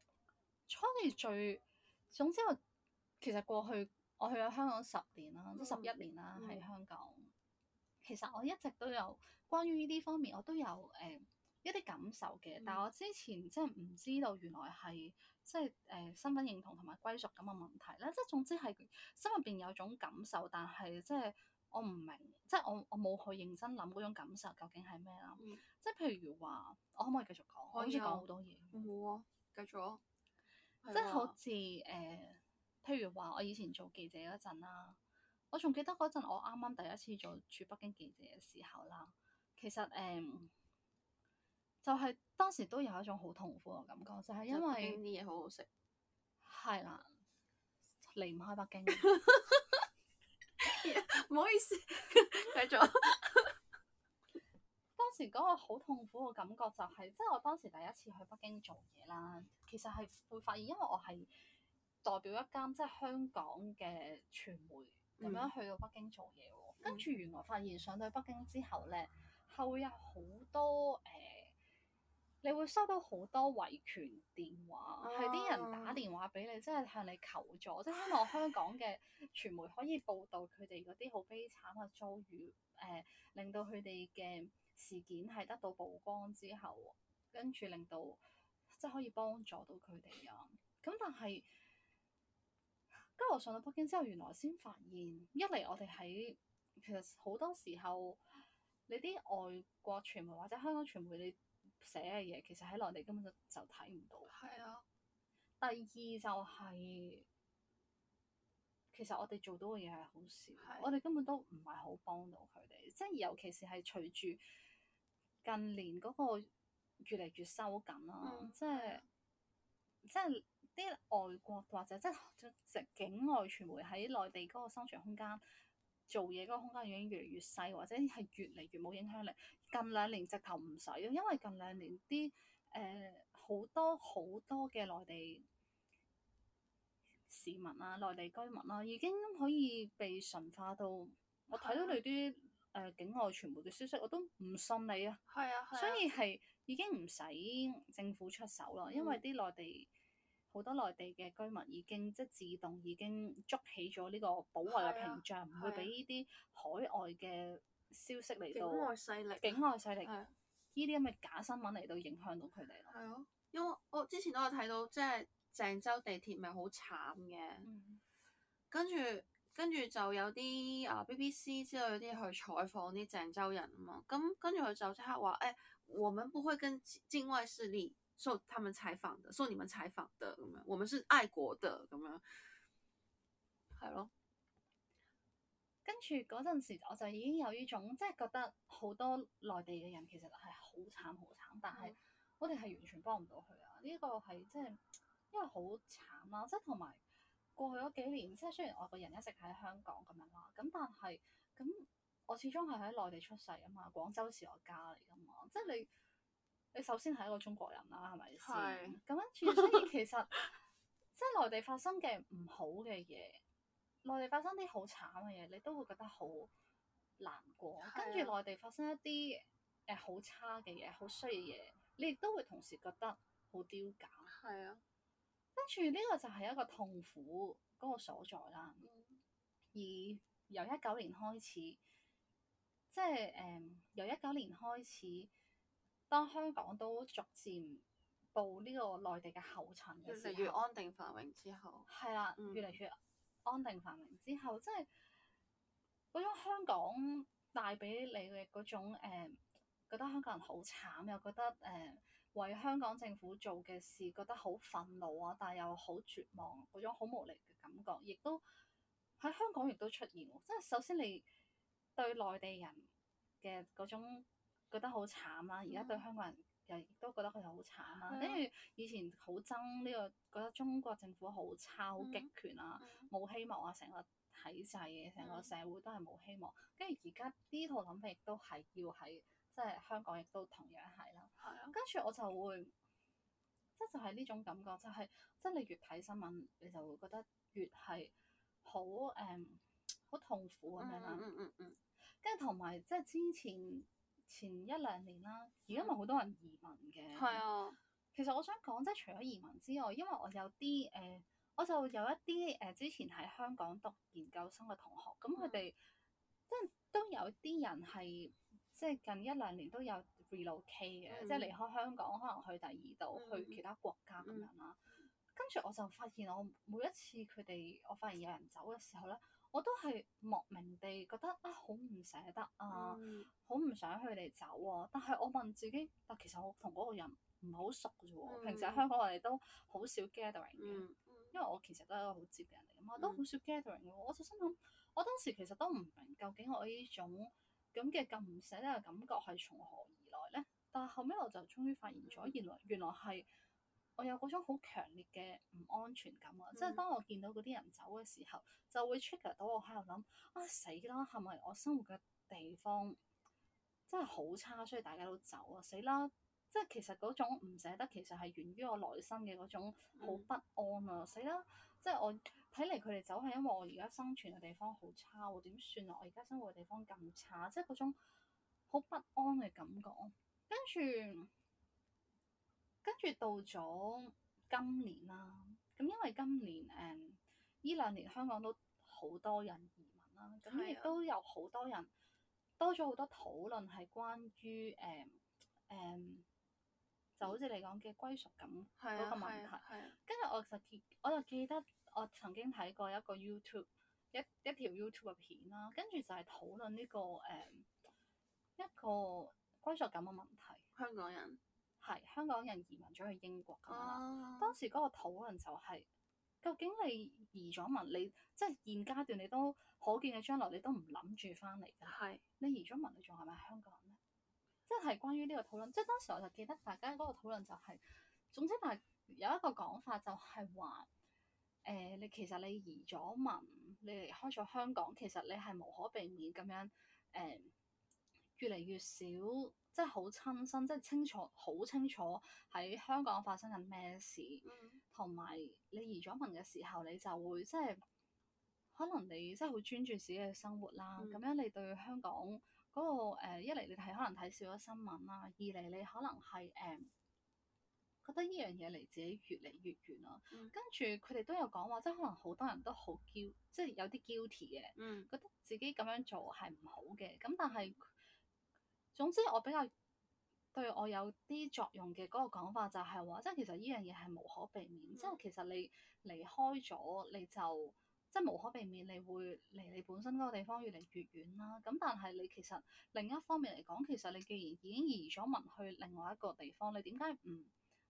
初時最總之我其實過去我去咗香港十年啦，嗯、即十一年啦，喺、嗯、香港其實我一直都有關於呢啲方面，我都有誒。Uh, 一啲感受嘅，但係我之前即係唔知道，原來係即係誒身份認同同埋歸屬感嘅問題啦。即係總之係心入邊有種感受，但係即係我唔明，即係我我冇去認真諗嗰種感受究竟係咩啦。即係、嗯、譬如話，我可唔可以繼續講？好似講好多嘢。冇啊、哦，繼續。即係好似誒、呃，譬如話我以前做記者嗰陣啦，我仲記得嗰陣我啱啱第一次做駐北京記者嘅時候啦。其實誒。嗯就係當時都有一種好痛苦嘅感覺，就係、是、因為啲嘢好好食，係啦，離唔開北京。唔好意思，繼 繼續。 當時嗰個好痛苦嘅感覺就係、是，即、就、係、是、我當時第一次去北京做嘢啦。其實係會發現，因為我係代表一間即係香港嘅傳媒咁樣去到北京做嘢，嗯、跟住原來發現上到去北京之後咧，係會有好多誒。呃嗯嗯你會收到好多維權電話，係啲、oh. 人打電話俾你，即、就、係、是、向你求助，即係希望香港嘅傳媒可以報道佢哋嗰啲好悲慘嘅遭遇，誒、呃、令到佢哋嘅事件係得到曝光之後，跟住令到即係、就是、可以幫助到佢哋啊！咁但係交我上到北京之後，原來先發現，一嚟我哋喺其實好多時候，你啲外國傳媒或者香港傳媒你，寫嘅嘢其實喺內地根本就就睇唔到。係啊的。第二就係、是，其實我哋做到嘅嘢係好少，的我哋根本都唔係好幫到佢哋，即係尤其是係隨住近年嗰個越嚟越收緊啦、啊，嗯、即係的即係啲外國或者即係直境外傳媒喺內地嗰個生存空間。做嘢嗰個空間已經越嚟越細，或者係越嚟越冇影響力。近兩年直頭唔使，因為近兩年啲誒好多好多嘅內地市民啊、內地居民啦、啊，已經可以被馴化到。啊、我睇到你啲誒、呃、境外傳媒嘅消息，我都唔信你啊。係啊，啊所以係已經唔使政府出手啦，因為啲內地，嗯好多內地嘅居民已經即係自動已經捉起咗呢個保衛嘅屏障，唔、啊、會俾呢啲海外嘅消息嚟到、啊啊、境外勢力。境外勢力呢啲咁嘅假新聞嚟到影響到佢哋咯。係咯、啊，因為我之前都有睇到，即係鄭州地鐵咪好慘嘅，跟住跟住就有啲啊 B B C 之類啲去採訪啲鄭州人啊嘛，咁跟住佢就即刻話誒，我們不會跟境外勢力。受他們採訪的，受你們採訪的，咁樣，我們是愛國的，咁樣，係咯。跟住嗰陣時，我就已經有呢種，即係覺得好多內地嘅人其實係好慘好慘，但係我哋係完全幫唔到佢啊。呢個係即係因為好慘啊，即係同埋過去嗰幾年，即係雖然我個人一直喺香港咁樣啦，咁但係咁我始終係喺內地出世啊嘛，廣州是我家嚟噶嘛，即係你。你首先係一個中國人啦，係咪先？係是。咁跟住，所以其實 即係內地發生嘅唔好嘅嘢，內地發生啲好慘嘅嘢，你都會覺得好難過。跟住內地發生一啲誒好差嘅嘢，好衰嘅嘢，你亦都會同時覺得好丟架。係啊。跟住呢個就係一個痛苦嗰個所在啦。嗯。而由一九年開始，即係誒、um, 由一九年開始。當香港都逐漸步呢個內地嘅後塵嘅時候，越嚟越安定繁榮之後，係啦、嗯，越嚟越安定繁榮之後，即係嗰種香港帶俾你嘅嗰種誒、嗯，覺得香港人好慘，又覺得誒、嗯、為香港政府做嘅事覺得好憤怒啊，但係又好絕望，嗰種好無力嘅感覺，亦都喺香港亦都出現。即係首先你對內地人嘅嗰種。覺得好慘啦、啊！而家對香港人又都覺得佢哋好慘啦、啊。跟住、嗯、以前好憎呢、呢個，覺得中國政府好差、好極權啊，冇、嗯嗯、希望啊，成個體制、啊、成個社會都係冇希望。跟住而家呢套諗法亦都係要喺即係香港，亦都同樣係啦。係啊。跟住、嗯、我就會即就係、係、呢種感覺，就係即係你越睇新聞，你就會覺得越係好誒好痛苦咁樣啦。嗯嗯嗯跟住同埋即係之前。前一兩年啦，而家咪好多人移民嘅。係啊、嗯，其實我想講，即係除咗移民之外，因為我有啲誒、呃，我就有一啲誒、呃，之前喺香港讀研究生嘅同學，咁佢哋即係都有啲人係即係近一兩年都有 relocate 嘅，嗯、即係離開香港，可能去第二度、嗯、去其他國家咁樣啦。跟住、嗯、我就發現，我每一次佢哋，我發現有人走嘅時候咧。我都係莫名地覺得啊，好唔捨得啊，好唔、mm. 想佢哋走啊。但係我問自己，嗱，其實我同嗰個人唔係好熟嘅啫喎。Mm. 平時喺香港我哋都好少 gathering 嘅，mm. 因為我其實都係一個好接嘅人嚟嘅嘛，我都好少 gathering 嘅。我就心諗，我當時其實都唔明究竟我呢種咁嘅咁唔捨得嘅感覺係從何而來咧。但係後尾我就終於發現咗，原來、mm. 原來係。我有嗰種好強烈嘅唔安全感啊！嗯、即係當我見到嗰啲人走嘅時候，就會 trigger 到我喺度諗啊死啦！係咪我生活嘅地方真係好差，所以大家都走啊？死啦！即係其實嗰種唔捨得，其實係源於我內心嘅嗰種好不安啊！嗯、死啦！即係我睇嚟佢哋走係因為我而家生存嘅地方好差喎、啊？點算啊？我而家生活嘅地方咁差，即係嗰種好不安嘅感覺，跟住。跟住到咗今年啦，咁因為今年誒呢、嗯、兩年香港都好多人移民啦，咁、嗯、亦、嗯、都有好多人多咗好多討論係關於誒誒、嗯嗯、就好似你講嘅歸屬感嗰個問題。啊啊啊啊、跟住我實我就記得我曾經睇過一個 YouTube 一一條 YouTube 嘅片啦，跟住就係討論呢、呢個誒、嗯、一個歸屬感嘅問題，香港人。係香港人移民咗去英國㗎嘛？啊、當時嗰個討論就係、是，究竟你移咗民，你即係現階段你都可見嘅將來，你都唔諗住翻嚟㗎。係是你移咗民，你仲係咪香港人咧？即係關於呢個討論，即係當時我就記得大家嗰個討論就係、是，總之但有一個講法就係話，誒、呃、你其實你移咗民，你離開咗香港，其實你係無可避免咁樣誒、呃，越嚟越少。即係好親身，即係清楚，好清楚喺香港發生緊咩事，同埋、嗯、你移咗民嘅時候，你就會即係可能你即係好專注自己嘅生活啦。咁、嗯、樣你對香港嗰、個、呃、一嚟你係可能睇少咗新聞啦，二嚟你可能係誒、嗯、覺得呢樣嘢離自己越嚟越遠啦、啊。跟住佢哋都有講話，即係可能好多人都好即係有啲 guilty 嘅，嗯、覺得自己咁樣做係唔好嘅。咁但係。總之，我比較對我有啲作用嘅嗰個講法就係話，即係其實呢樣嘢係無可避免。即係、嗯、其實你離開咗，你就即係、即係、無可避免，你會離你本身嗰個地方越嚟越遠啦。咁但係你其實另一方面嚟講，其實你既然已經移咗民去另外一個地方，你點解唔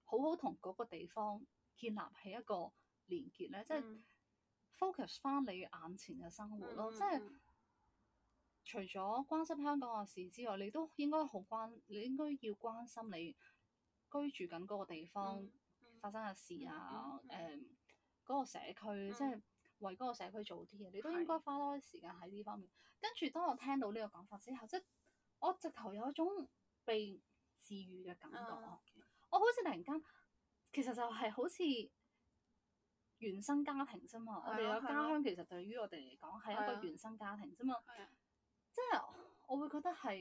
好好同嗰個地方建立起一個連結咧？即係 focus 翻你眼前嘅生活咯，即係、嗯。即係除咗關心香港嘅事之外，你都應該好關，你應該要關心你居住緊嗰個地方發生嘅事啊。誒、嗯，嗰、嗯呃、個社區即係為嗰個社區做啲嘢，你都應該花多啲時間喺呢方面。跟住，當我聽到呢個講法之後，即係我直頭有一種被治愈嘅感覺。嗯、我好似突然間，其實就係好似原生家庭啫嘛。我哋嘅家鄉其實對於我哋嚟講係一個原生家庭啫嘛。即係我會覺得係，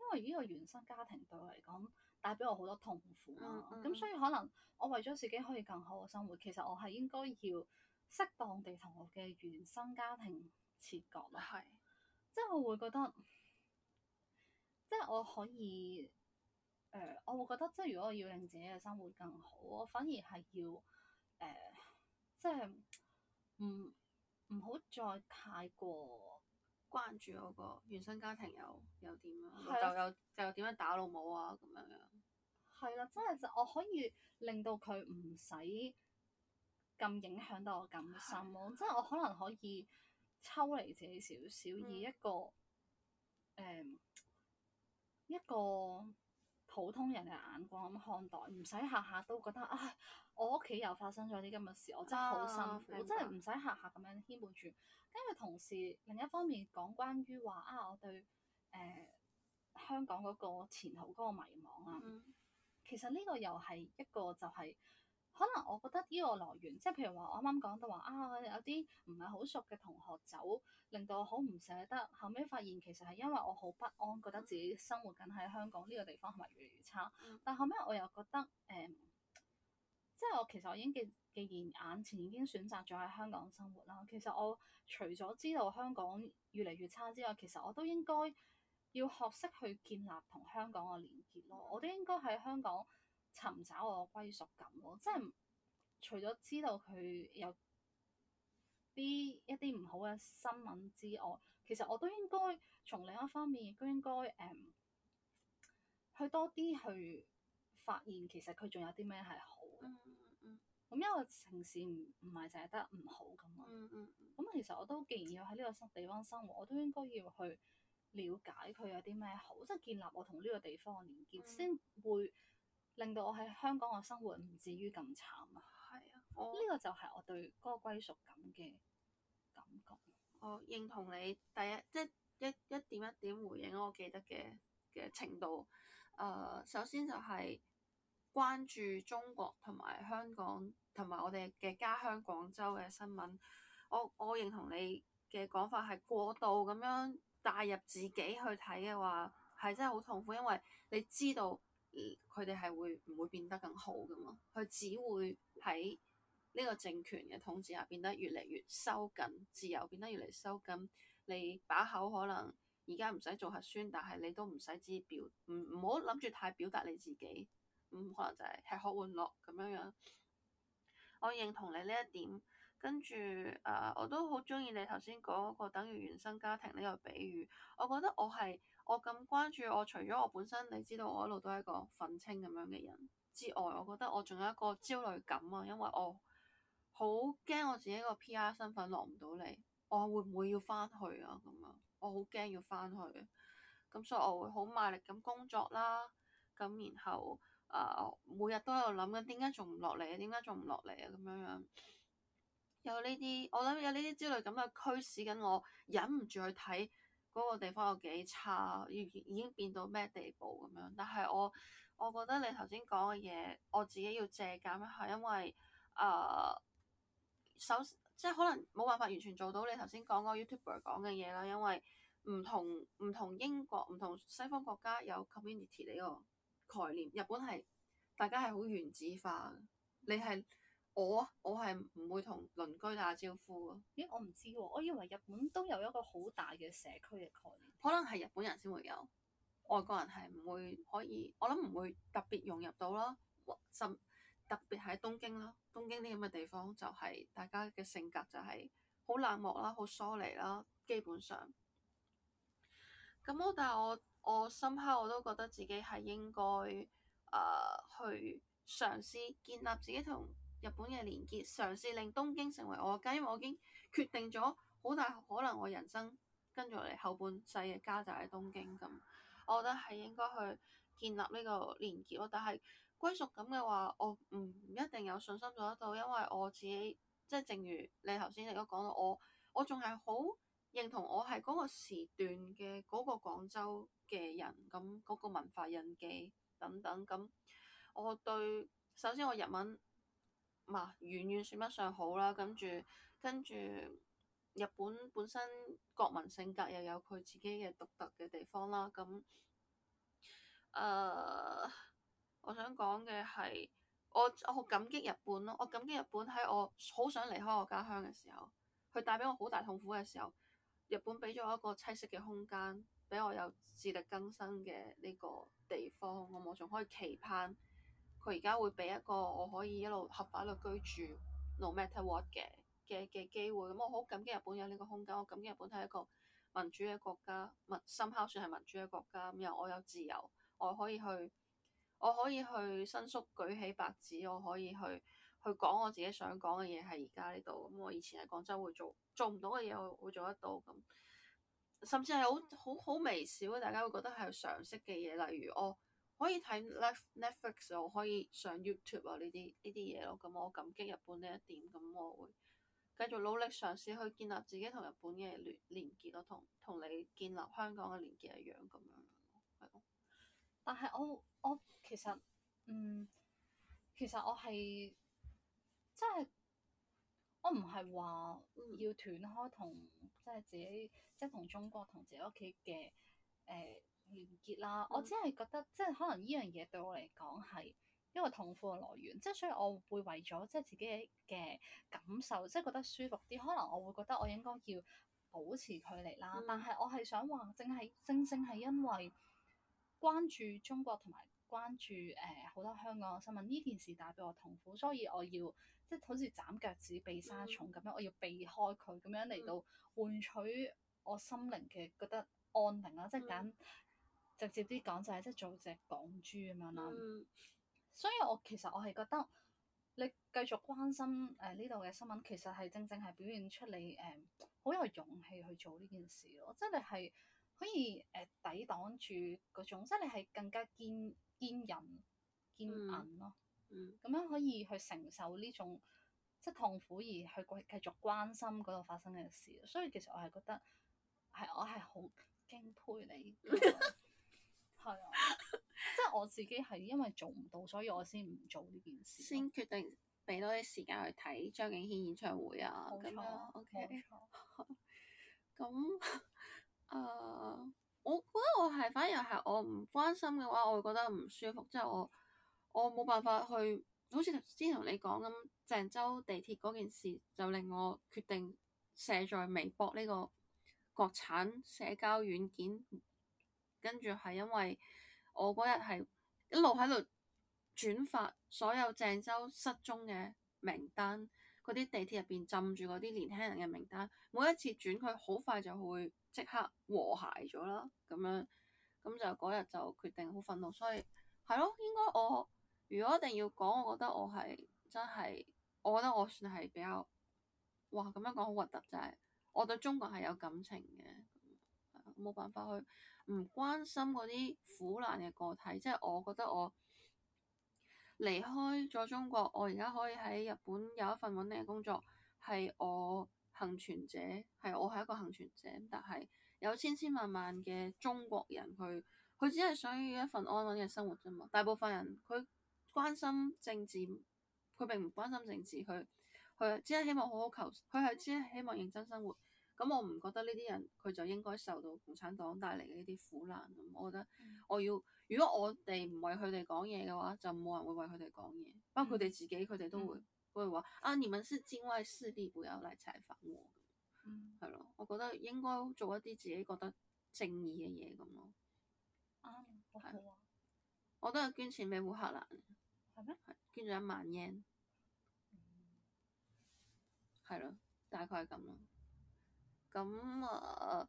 因為呢個原生家庭對我嚟講帶俾我好多痛苦啊，咁、嗯嗯、所以可能我為咗自己可以更好嘅生活，其實我係應該要適當地同我嘅原生家庭切割啦。係是，即係我會覺得，即係我可以誒、呃，我會覺得即係如果我要令自己嘅生活更好，我反而係要誒、呃、即係唔唔好再太過。關注嗰個原生家庭又又點啊？就又就點樣打老母啊？咁樣樣係啦，真係就我可以令到佢唔使咁影響到我感受咯。啊、即係我可能可以抽離自己少少，以一個誒、嗯嗯、一個普通人嘅眼光咁看待，唔使下下都覺得啊，我屋企又發生咗啲咁嘅事，我真係好辛苦，啊、真係唔使下下咁樣牽絆住。跟住同時，另一方面講關於話啊，我對誒、呃、香港嗰個前途、嗰個迷茫啊，嗯、其實呢個又係一個就係、是、可能我覺得呢個來源，即係譬如話我啱啱講到話啊，有啲唔係好熟嘅同學走，令到我好唔捨得。後尾發現其實係因為我好不安，覺得自己生活緊喺香港呢、這個地方係咪越嚟越差？嗯、但後尾我又覺得誒。呃即係我其實我已經既、既然眼前已經選擇咗喺香港生活啦，其實我除咗知道香港越嚟越差之外，其實我都應該要學識去建立同香港嘅連結咯。我都應該喺香港尋找我嘅歸屬感咯。即係除咗知道佢有啲一啲唔好嘅新聞之外，其實我都應該從另一方面亦都應該誒、嗯、去多啲去發現其實佢仲有啲咩係好。嗯嗯嗯，咁因為城市唔唔係淨係得唔好咁啊，咁、嗯嗯嗯、其實我都既然要喺呢個地方生活，我都應該要去了解佢有啲咩好，即係、嗯、建立我同呢個地方嘅連結，先、嗯、會令到我喺香港嘅生活唔至於咁慘啊。係啊、哦，呢個就係我對嗰個歸屬感嘅感覺、哦。我認同你第一，即係一一點一點點回應我記得嘅嘅程度。誒、呃，首先就係、是。關注中國同埋香港同埋我哋嘅家鄉廣州嘅新聞，我我認同你嘅講法，係過度咁樣帶入自己去睇嘅話，係真係好痛苦，因為你知道佢哋係會唔會變得更好㗎嘛？佢只會喺呢個政權嘅統治下變得越嚟越收緊，自由變得越嚟越收緊。你把口可能而家唔使做核酸，但係你都唔使知表，唔唔好諗住太表達你自己。嗯，可能就係吃喝玩樂咁樣樣，我認同你呢一點。跟住誒，我都好中意你頭先講嗰個等於原生家庭呢個比喻。我覺得我係我咁關注我，除咗我本身你知道我一路都係一個憤青咁樣嘅人之外，我覺得我仲有一個焦慮感啊，因為我好驚我自己個 PR 身份落唔到嚟，我會唔會要翻去啊？咁啊，我好驚要翻去，咁所以我會好賣力咁工作啦、啊，咁然後。啊！Uh, 每日都喺度諗緊，點解仲唔落嚟啊？點解仲唔落嚟啊？咁樣樣有呢啲，我諗有呢啲之類咁嘅驅使，緊我忍唔住去睇嗰個地方有幾差，已已經變到咩地步咁樣。但係我我覺得你頭先講嘅嘢，我自己要借鑒一下，因為誒，首、uh, 即係可能冇辦法完全做到你頭先講個 YouTuber 講嘅嘢啦，因為唔同唔同英國唔同西方國家有 community 呢個概念，日本係，大家係好原子化嘅，你係，我，啊，我係唔會同鄰居打招呼咯。咦、欸，我唔知喎、啊，我以為日本都有一個好大嘅社區嘅概念。可能係日本人先會有，外國人係唔會可以，我諗唔會特別融入到啦。甚特別喺東京啦，東京啲咁嘅地方就係、是、大家嘅性格就係好冷漠啦，好疏離啦，基本上。咁我但係我。我深刻，我都覺得自己係應該，誒、呃，去嘗試建立自己同日本嘅連結，嘗試令東京成為我嘅家，因為我已經決定咗好大可能，我人生跟住嚟後半世嘅家就喺東京咁，我覺得係應該去建立呢個連結咯。但係歸屬感嘅話，我唔一定有信心做得到，因為我自己即係正如你頭先你都講到我，我仲係好。認同我係嗰個時段嘅嗰個廣州嘅人，咁嗰個文化印記等等咁。我對首先我日文嘛，遠遠算得上好啦。跟住跟住日本本身國民性格又有佢自己嘅獨特嘅地方啦。咁誒、呃，我想講嘅係我我好感激日本咯。我感激日本喺我好想離開我家鄉嘅時候，佢帶俾我好大痛苦嘅時候。日本畀咗我一個棲息嘅空間，畀我有自力更生嘅呢個地方，我仲可以期盼佢而家會畀一個我可以一路合法去居住，no matter what 嘅嘅嘅機會，咁我好感激日本有呢個空間，我感激日本係一個民主嘅國家，民深烤算係民主嘅國家，咁又我有自由，我可以去，我可以去新宿舉起白紙，我可以去。去講我自己想講嘅嘢，係而家呢度。咁我以前喺廣州會做做唔到嘅嘢，我會做得到。咁甚至係好好好微小，大家會覺得係常識嘅嘢。例如我可以睇 Netflix 我可以上 YouTube 啊呢啲呢啲嘢咯。咁我感激日本呢一點，咁我會繼續努力嘗試去建立自己同日本嘅聯連結咯，同同你建立香港嘅連結一樣咁樣。係咯，但係我我其實嗯，其實我係。即係我唔係話要斷開同、嗯、即係自己即係同中國同自己屋企嘅誒連結啦。嗯、我只係覺得即係可能呢樣嘢對我嚟講係一個痛苦嘅來源，即係所以我會為咗即係自己嘅感受，即係覺得舒服啲。可能我會覺得我應該要保持距離啦。嗯、但係我係想話，正係正正係因為關注中國同埋關注誒、呃、好多香港嘅新聞呢件事帶俾我痛苦，所以我要。即係好似斬腳趾避沙蟲咁樣，嗯、我要避開佢咁樣嚟到換取我心靈嘅覺得安寧啦。嗯、即係簡、嗯、直接啲講就係、是，即係做隻港豬咁樣啦。所以我其實我係覺得，你繼續關心誒呢度嘅新聞，其實係正正係表現出你誒好、呃、有勇氣去做呢件事咯。即係你係可以誒、呃、抵擋住嗰種，即係你係更加堅堅，堅韌堅韌咯。咁、嗯、樣可以去承受呢種即係、就是、痛苦，而去繼繼續關心嗰度發生嘅事，所以其實我係覺得係我係好敬佩你，係啊，即係、就是、我自己係因為做唔到，所以我先唔做呢件事，先決定俾多啲時間去睇張敬軒演唱會啊，咁、啊、樣 OK，咁誒，冇錯 uh, 我覺得我係反而係我唔關心嘅話，我會覺得唔舒服，即、就、係、是、我。我冇辦法去，好似頭先同你講咁鄭州地鐵嗰件事，就令我決定卸載微博呢個國產社交軟件。跟住係因為我嗰日係一路喺度轉發所有鄭州失蹤嘅名單，嗰啲地鐵入邊浸住嗰啲年輕人嘅名單。每一次轉佢，好快就會即刻和諧咗啦。咁樣咁就嗰日就決定好憤怒，所以係咯，應該我。如果一定要講，我覺得我係真係，我覺得我算係比較，哇咁樣講好核突就係我對中國係有感情嘅，冇辦法去唔關心嗰啲苦難嘅個體，即係我覺得我離開咗中國，我而家可以喺日本有一份穩定嘅工作，係我幸存者，係我係一個幸存者，但係有千千萬萬嘅中國人，佢佢只係想要一份安穩嘅生活啫嘛，大部分人佢，關心政治，佢並唔關心政治，佢佢只係希望好好求，佢係只係希望認真生活。咁我唔覺得呢啲人佢就應該受到共產黨帶嚟嘅呢啲苦難。我覺得我要，如果我哋唔為佢哋講嘢嘅話，就冇人會為佢哋講嘢。包括佢哋自己，佢哋、嗯、都會、嗯、會話啊，你們是境外勢力，不要嚟採訪我。係咯、嗯，我覺得應該做一啲自己覺得正義嘅嘢咁咯。嗯啊、我都係捐錢俾烏克蘭。係咯，捐咗一萬 yen，係咯，大概係咁咯。咁啊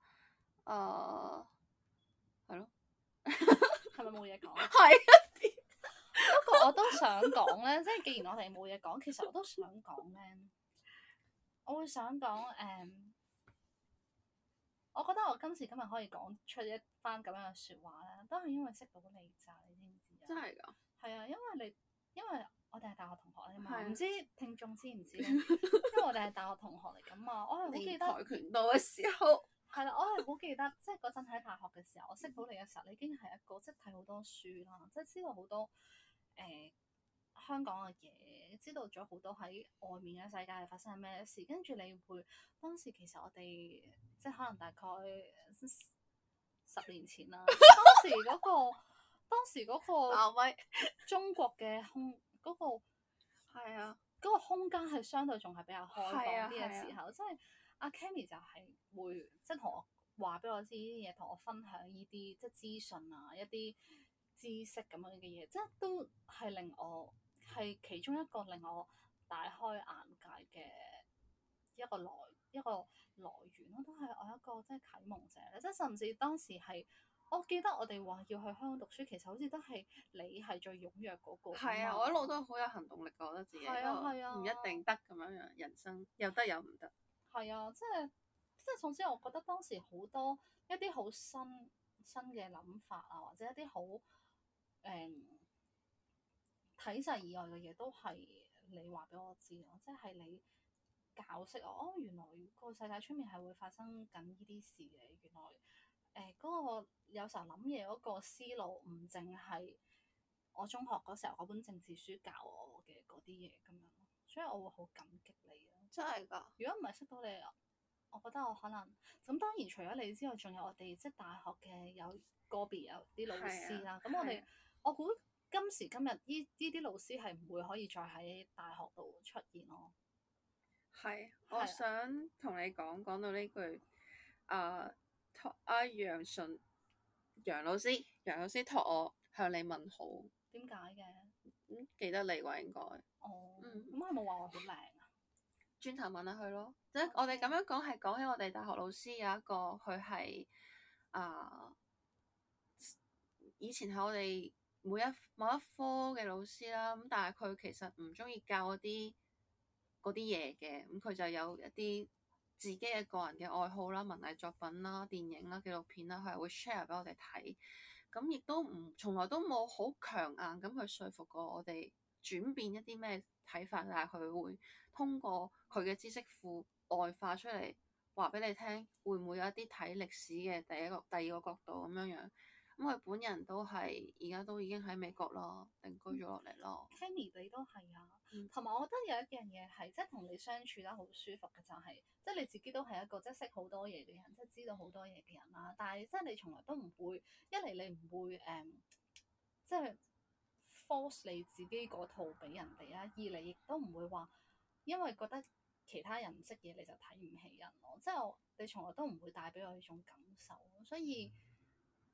啊，係、啊、咯，係咪冇嘢講？係一 是的 不過我都想講咧，即、就、係、是、既然我哋冇嘢講，其實我都想講咧？我會想講誒，um, 我覺得我今時今日可以講出一番咁樣嘅説話咧，都係因為識到啲女仔先。你知唔知？真係㗎？係 啊，因為你。因為我哋係大學同學嚟嘛，唔是、啊、知聽眾知唔知 因為我哋係大學同學嚟咁嘛， 我係好記得跆拳道嘅時候。係啦，我係好記得，即係嗰陣喺大學嘅時候，我識到你嘅時候，你已經係一個識睇好多書啦、啊，即、就、係、是、知道好多誒、呃、香港嘅嘢，知道咗好多喺外面嘅世界係發生咩事。跟住你會當時其實我哋即係可能大概十年前啦，當時嗰個。 當時嗰個中國嘅空嗰、個係啊，嗰個 空間係相對仲係比較開放啲嘅時候，即係阿 Kenny 就係會即係同我話俾我知呢啲嘢，同我分享呢啲即係資訊啊，一啲知識咁樣嘅嘢，即係都係令我係其中一個令我大開眼界嘅一個來一個來源咯，都係我一個即係啟蒙者，即係甚至當時係。我記得我哋話要去香港讀書，其實好似都係你係最踴躍嗰個。係啊，我一路都好有行動力嘅，我覺得自己。係啊，係啊。唔一定得咁樣嘅人生，又得又唔得。係啊，即係即係總之，我覺得當時好多一啲好新新嘅諗法啊，或者一啲好誒體制以外嘅嘢，都係你話俾我知，即係你教識我哦，原來個世界出面係會發生緊呢啲事嘅，原來誒嗰個有時候諗嘢嗰個思路唔淨係我中學嗰時候嗰本政治書教我嘅嗰啲嘢咁樣，所以我會好感激你咯。真係㗎！如果唔係識到你，我覺得我可能咁。當然除咗你之外，仲有我哋即係大學嘅有個別有啲老師啦。咁、啊、我哋、啊、我估今時今日依依啲老師係唔會可以再喺大學度出現咯。係，我想同你講講到呢句，啊，阿、啊、楊順。楊老師，楊老師託我向你問好。點解嘅？咁記得你啩，應該。哦。嗯。咁係冇話我好靚啊？轉頭問下佢咯，嗯、即係我哋咁樣講係講起我哋大學老師有一個佢係啊，以前係我哋每一某一科嘅老師啦，咁但係佢其實唔中意教嗰啲嗰啲嘢嘅，咁佢、嗯、就有一啲。自己嘅個人嘅愛好啦、文藝作品啦、電影啦、紀錄片啦，佢係會 share 俾我哋睇。咁亦都唔從來都冇好強硬咁去說服過我哋轉變一啲咩睇法，但係佢會通過佢嘅知識庫外化出嚟，話俾你聽，會唔會有一啲睇歷史嘅第一個、第二個角度咁樣樣？咁佢本人都係而家都已經喺美國啦，定居咗落嚟咯。Kenny 你都係啊，同埋、嗯、我覺得有一樣嘢係，即係同你相處得好舒服嘅就係、是，即、就、係、是、你自己都係一個即係、就是、識好多嘢嘅人，即、就、係、是、知道好多嘢嘅人啦、啊。但係即係你從來都唔會，一嚟你唔會誒，即、嗯、係、就是、force 你自己嗰套俾人哋啊，二嚟亦都唔會話，因為覺得其他人唔識嘢你就睇唔起人咯、啊。即、就、係、是、我，你從來都唔會帶俾我呢種感受、啊，所以。嗯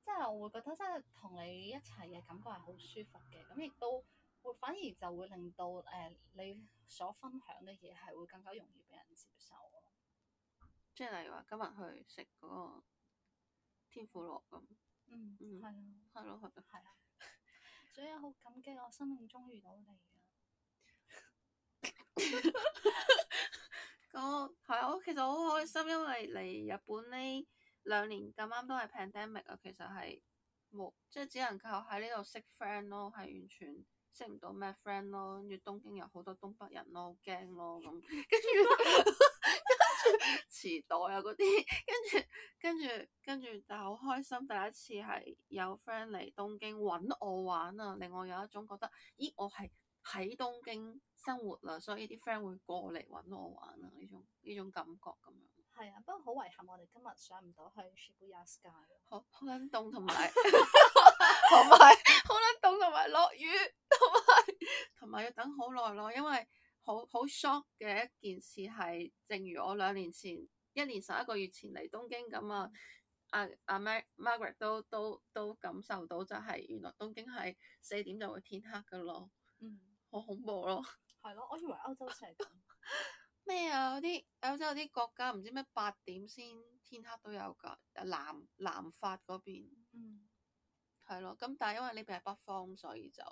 即係我會覺得，真係同你一齊嘅感覺係好舒服嘅，咁亦都會反而就會令到誒、呃、你所分享嘅嘢係會更加容易俾人接受。即係例如話，今日去食嗰個天婦羅咁。嗯，係、嗯、啊，係咯，係啊。所以好感激我生命中遇到你啊！咁， 係 我其實好開心，因為嚟日本呢。兩年咁啱都係 pandemic 啊，其實係冇，即係只能靠喺呢度識 friend 咯，係完全識唔到咩 friend 咯。跟住東京有好多東北人咯，好驚咯咁，跟住跟住遲到啊嗰啲，跟住跟住跟住，但好開心，第一次係有 friend 嚟東京搵我玩啊，令我有一種覺得，咦我係喺東京生活啦，所以啲 friend 會過嚟搵我玩啊呢種呢種感覺咁樣。係啊，不過好遺憾我，我哋今日上唔到去 Shibuya Sky 好，好冷凍，同埋，同埋好冷凍，同埋落雨，同埋同埋要等好耐咯。因為好好 shock 嘅一件事係，正如我兩年前一年十一個月前嚟東京咁啊，阿、啊、阿、啊、Margaret 都都都,都感受到就係，原來東京係四點就會天黑噶咯。嗯，好恐怖咯。係咯，我以為歐洲先係咁。 咩啊？嗰啲歐洲嗰啲國家唔知咩八點先天黑都有噶，南南法嗰邊，係咯、嗯。咁但係因為呢邊係北方，所以就。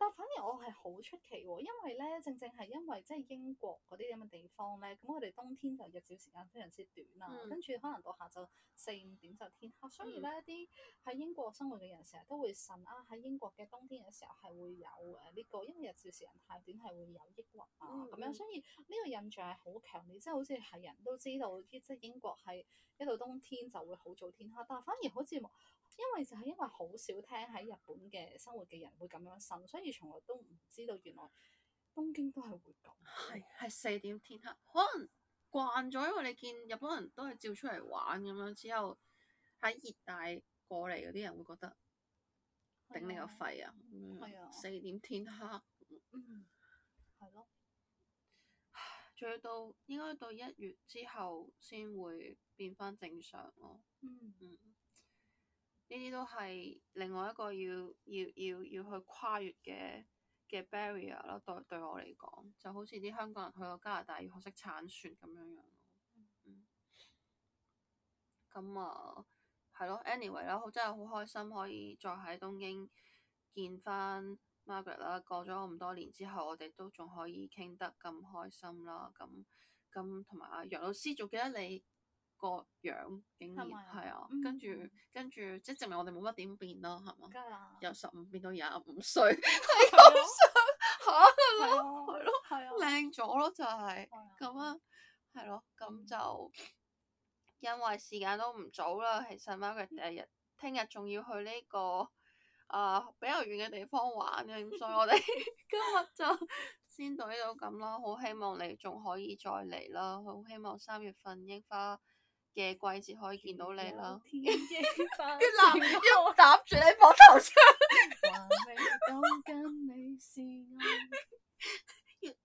但反而我係好出奇喎、哦，因為咧正正係因為即係英國嗰啲咁嘅地方咧，咁我哋冬天就日照時間非常之短啦，跟住、嗯、可能到下晝四五點就天黑，嗯、所以咧啲喺英國生活嘅人成日都會神啊，喺英國嘅冬天嘅時候係會有誒、這、呢個，因為日照時間太短係會有抑鬱啊咁樣，所以呢個印象係好強烈，即、就、係、是、好似係人都知道啲即係英國係一到冬天就會好早天黑，但係反而好似因為就係因為好少聽喺日本嘅生活嘅人會咁樣呻，所以從來都唔知道原來東京都係會咁。係係四點天黑，可能慣咗，因為你見日本人都係照出嚟玩咁樣，之後喺熱帶過嚟嗰啲人會覺得的頂你個肺啊！嗯、的四點天黑，嗯，係咯的，仲要到應該到一月之後先會變翻正常咯。嗯嗯。呢啲都係另外一個要要要要去跨越嘅嘅 barrier 啦。對對我嚟講就好似啲香港人去到加拿大要學識鏟雪咁樣樣咯。咁、嗯嗯、啊，係咯，anyway 啦，好真係好開心可以再喺東京見翻 Margret 啦。過咗咁多年之後，我哋都仲可以傾得咁開心啦。咁咁同埋阿楊老師，仲記得你。個樣竟然係吧啊，嗯、跟住跟住即係證明我哋冇乜點變咯，係嘛？由十五變到廿五歲，係咁想吓噶咯，係咯， 係啊，靚咗咯，的就係咁啊，係咯的，咁就的、嗯、因為時間都唔早啦，其實 Margret 第日聽日仲要去呢、這個啊、呃、比較遠嘅地方玩，咁所以我哋今日就先到呢度咁啦。好希望你仲可以再嚟啦，好希望三月份櫻花。嘅季節可以見到你啦，佢男嘅要搭住你膊頭上， 要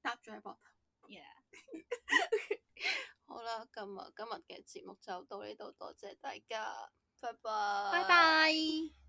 搭住你膊 ，yeah， 好啦，今日今日嘅節目就到呢度，多謝大家，拜拜，拜拜。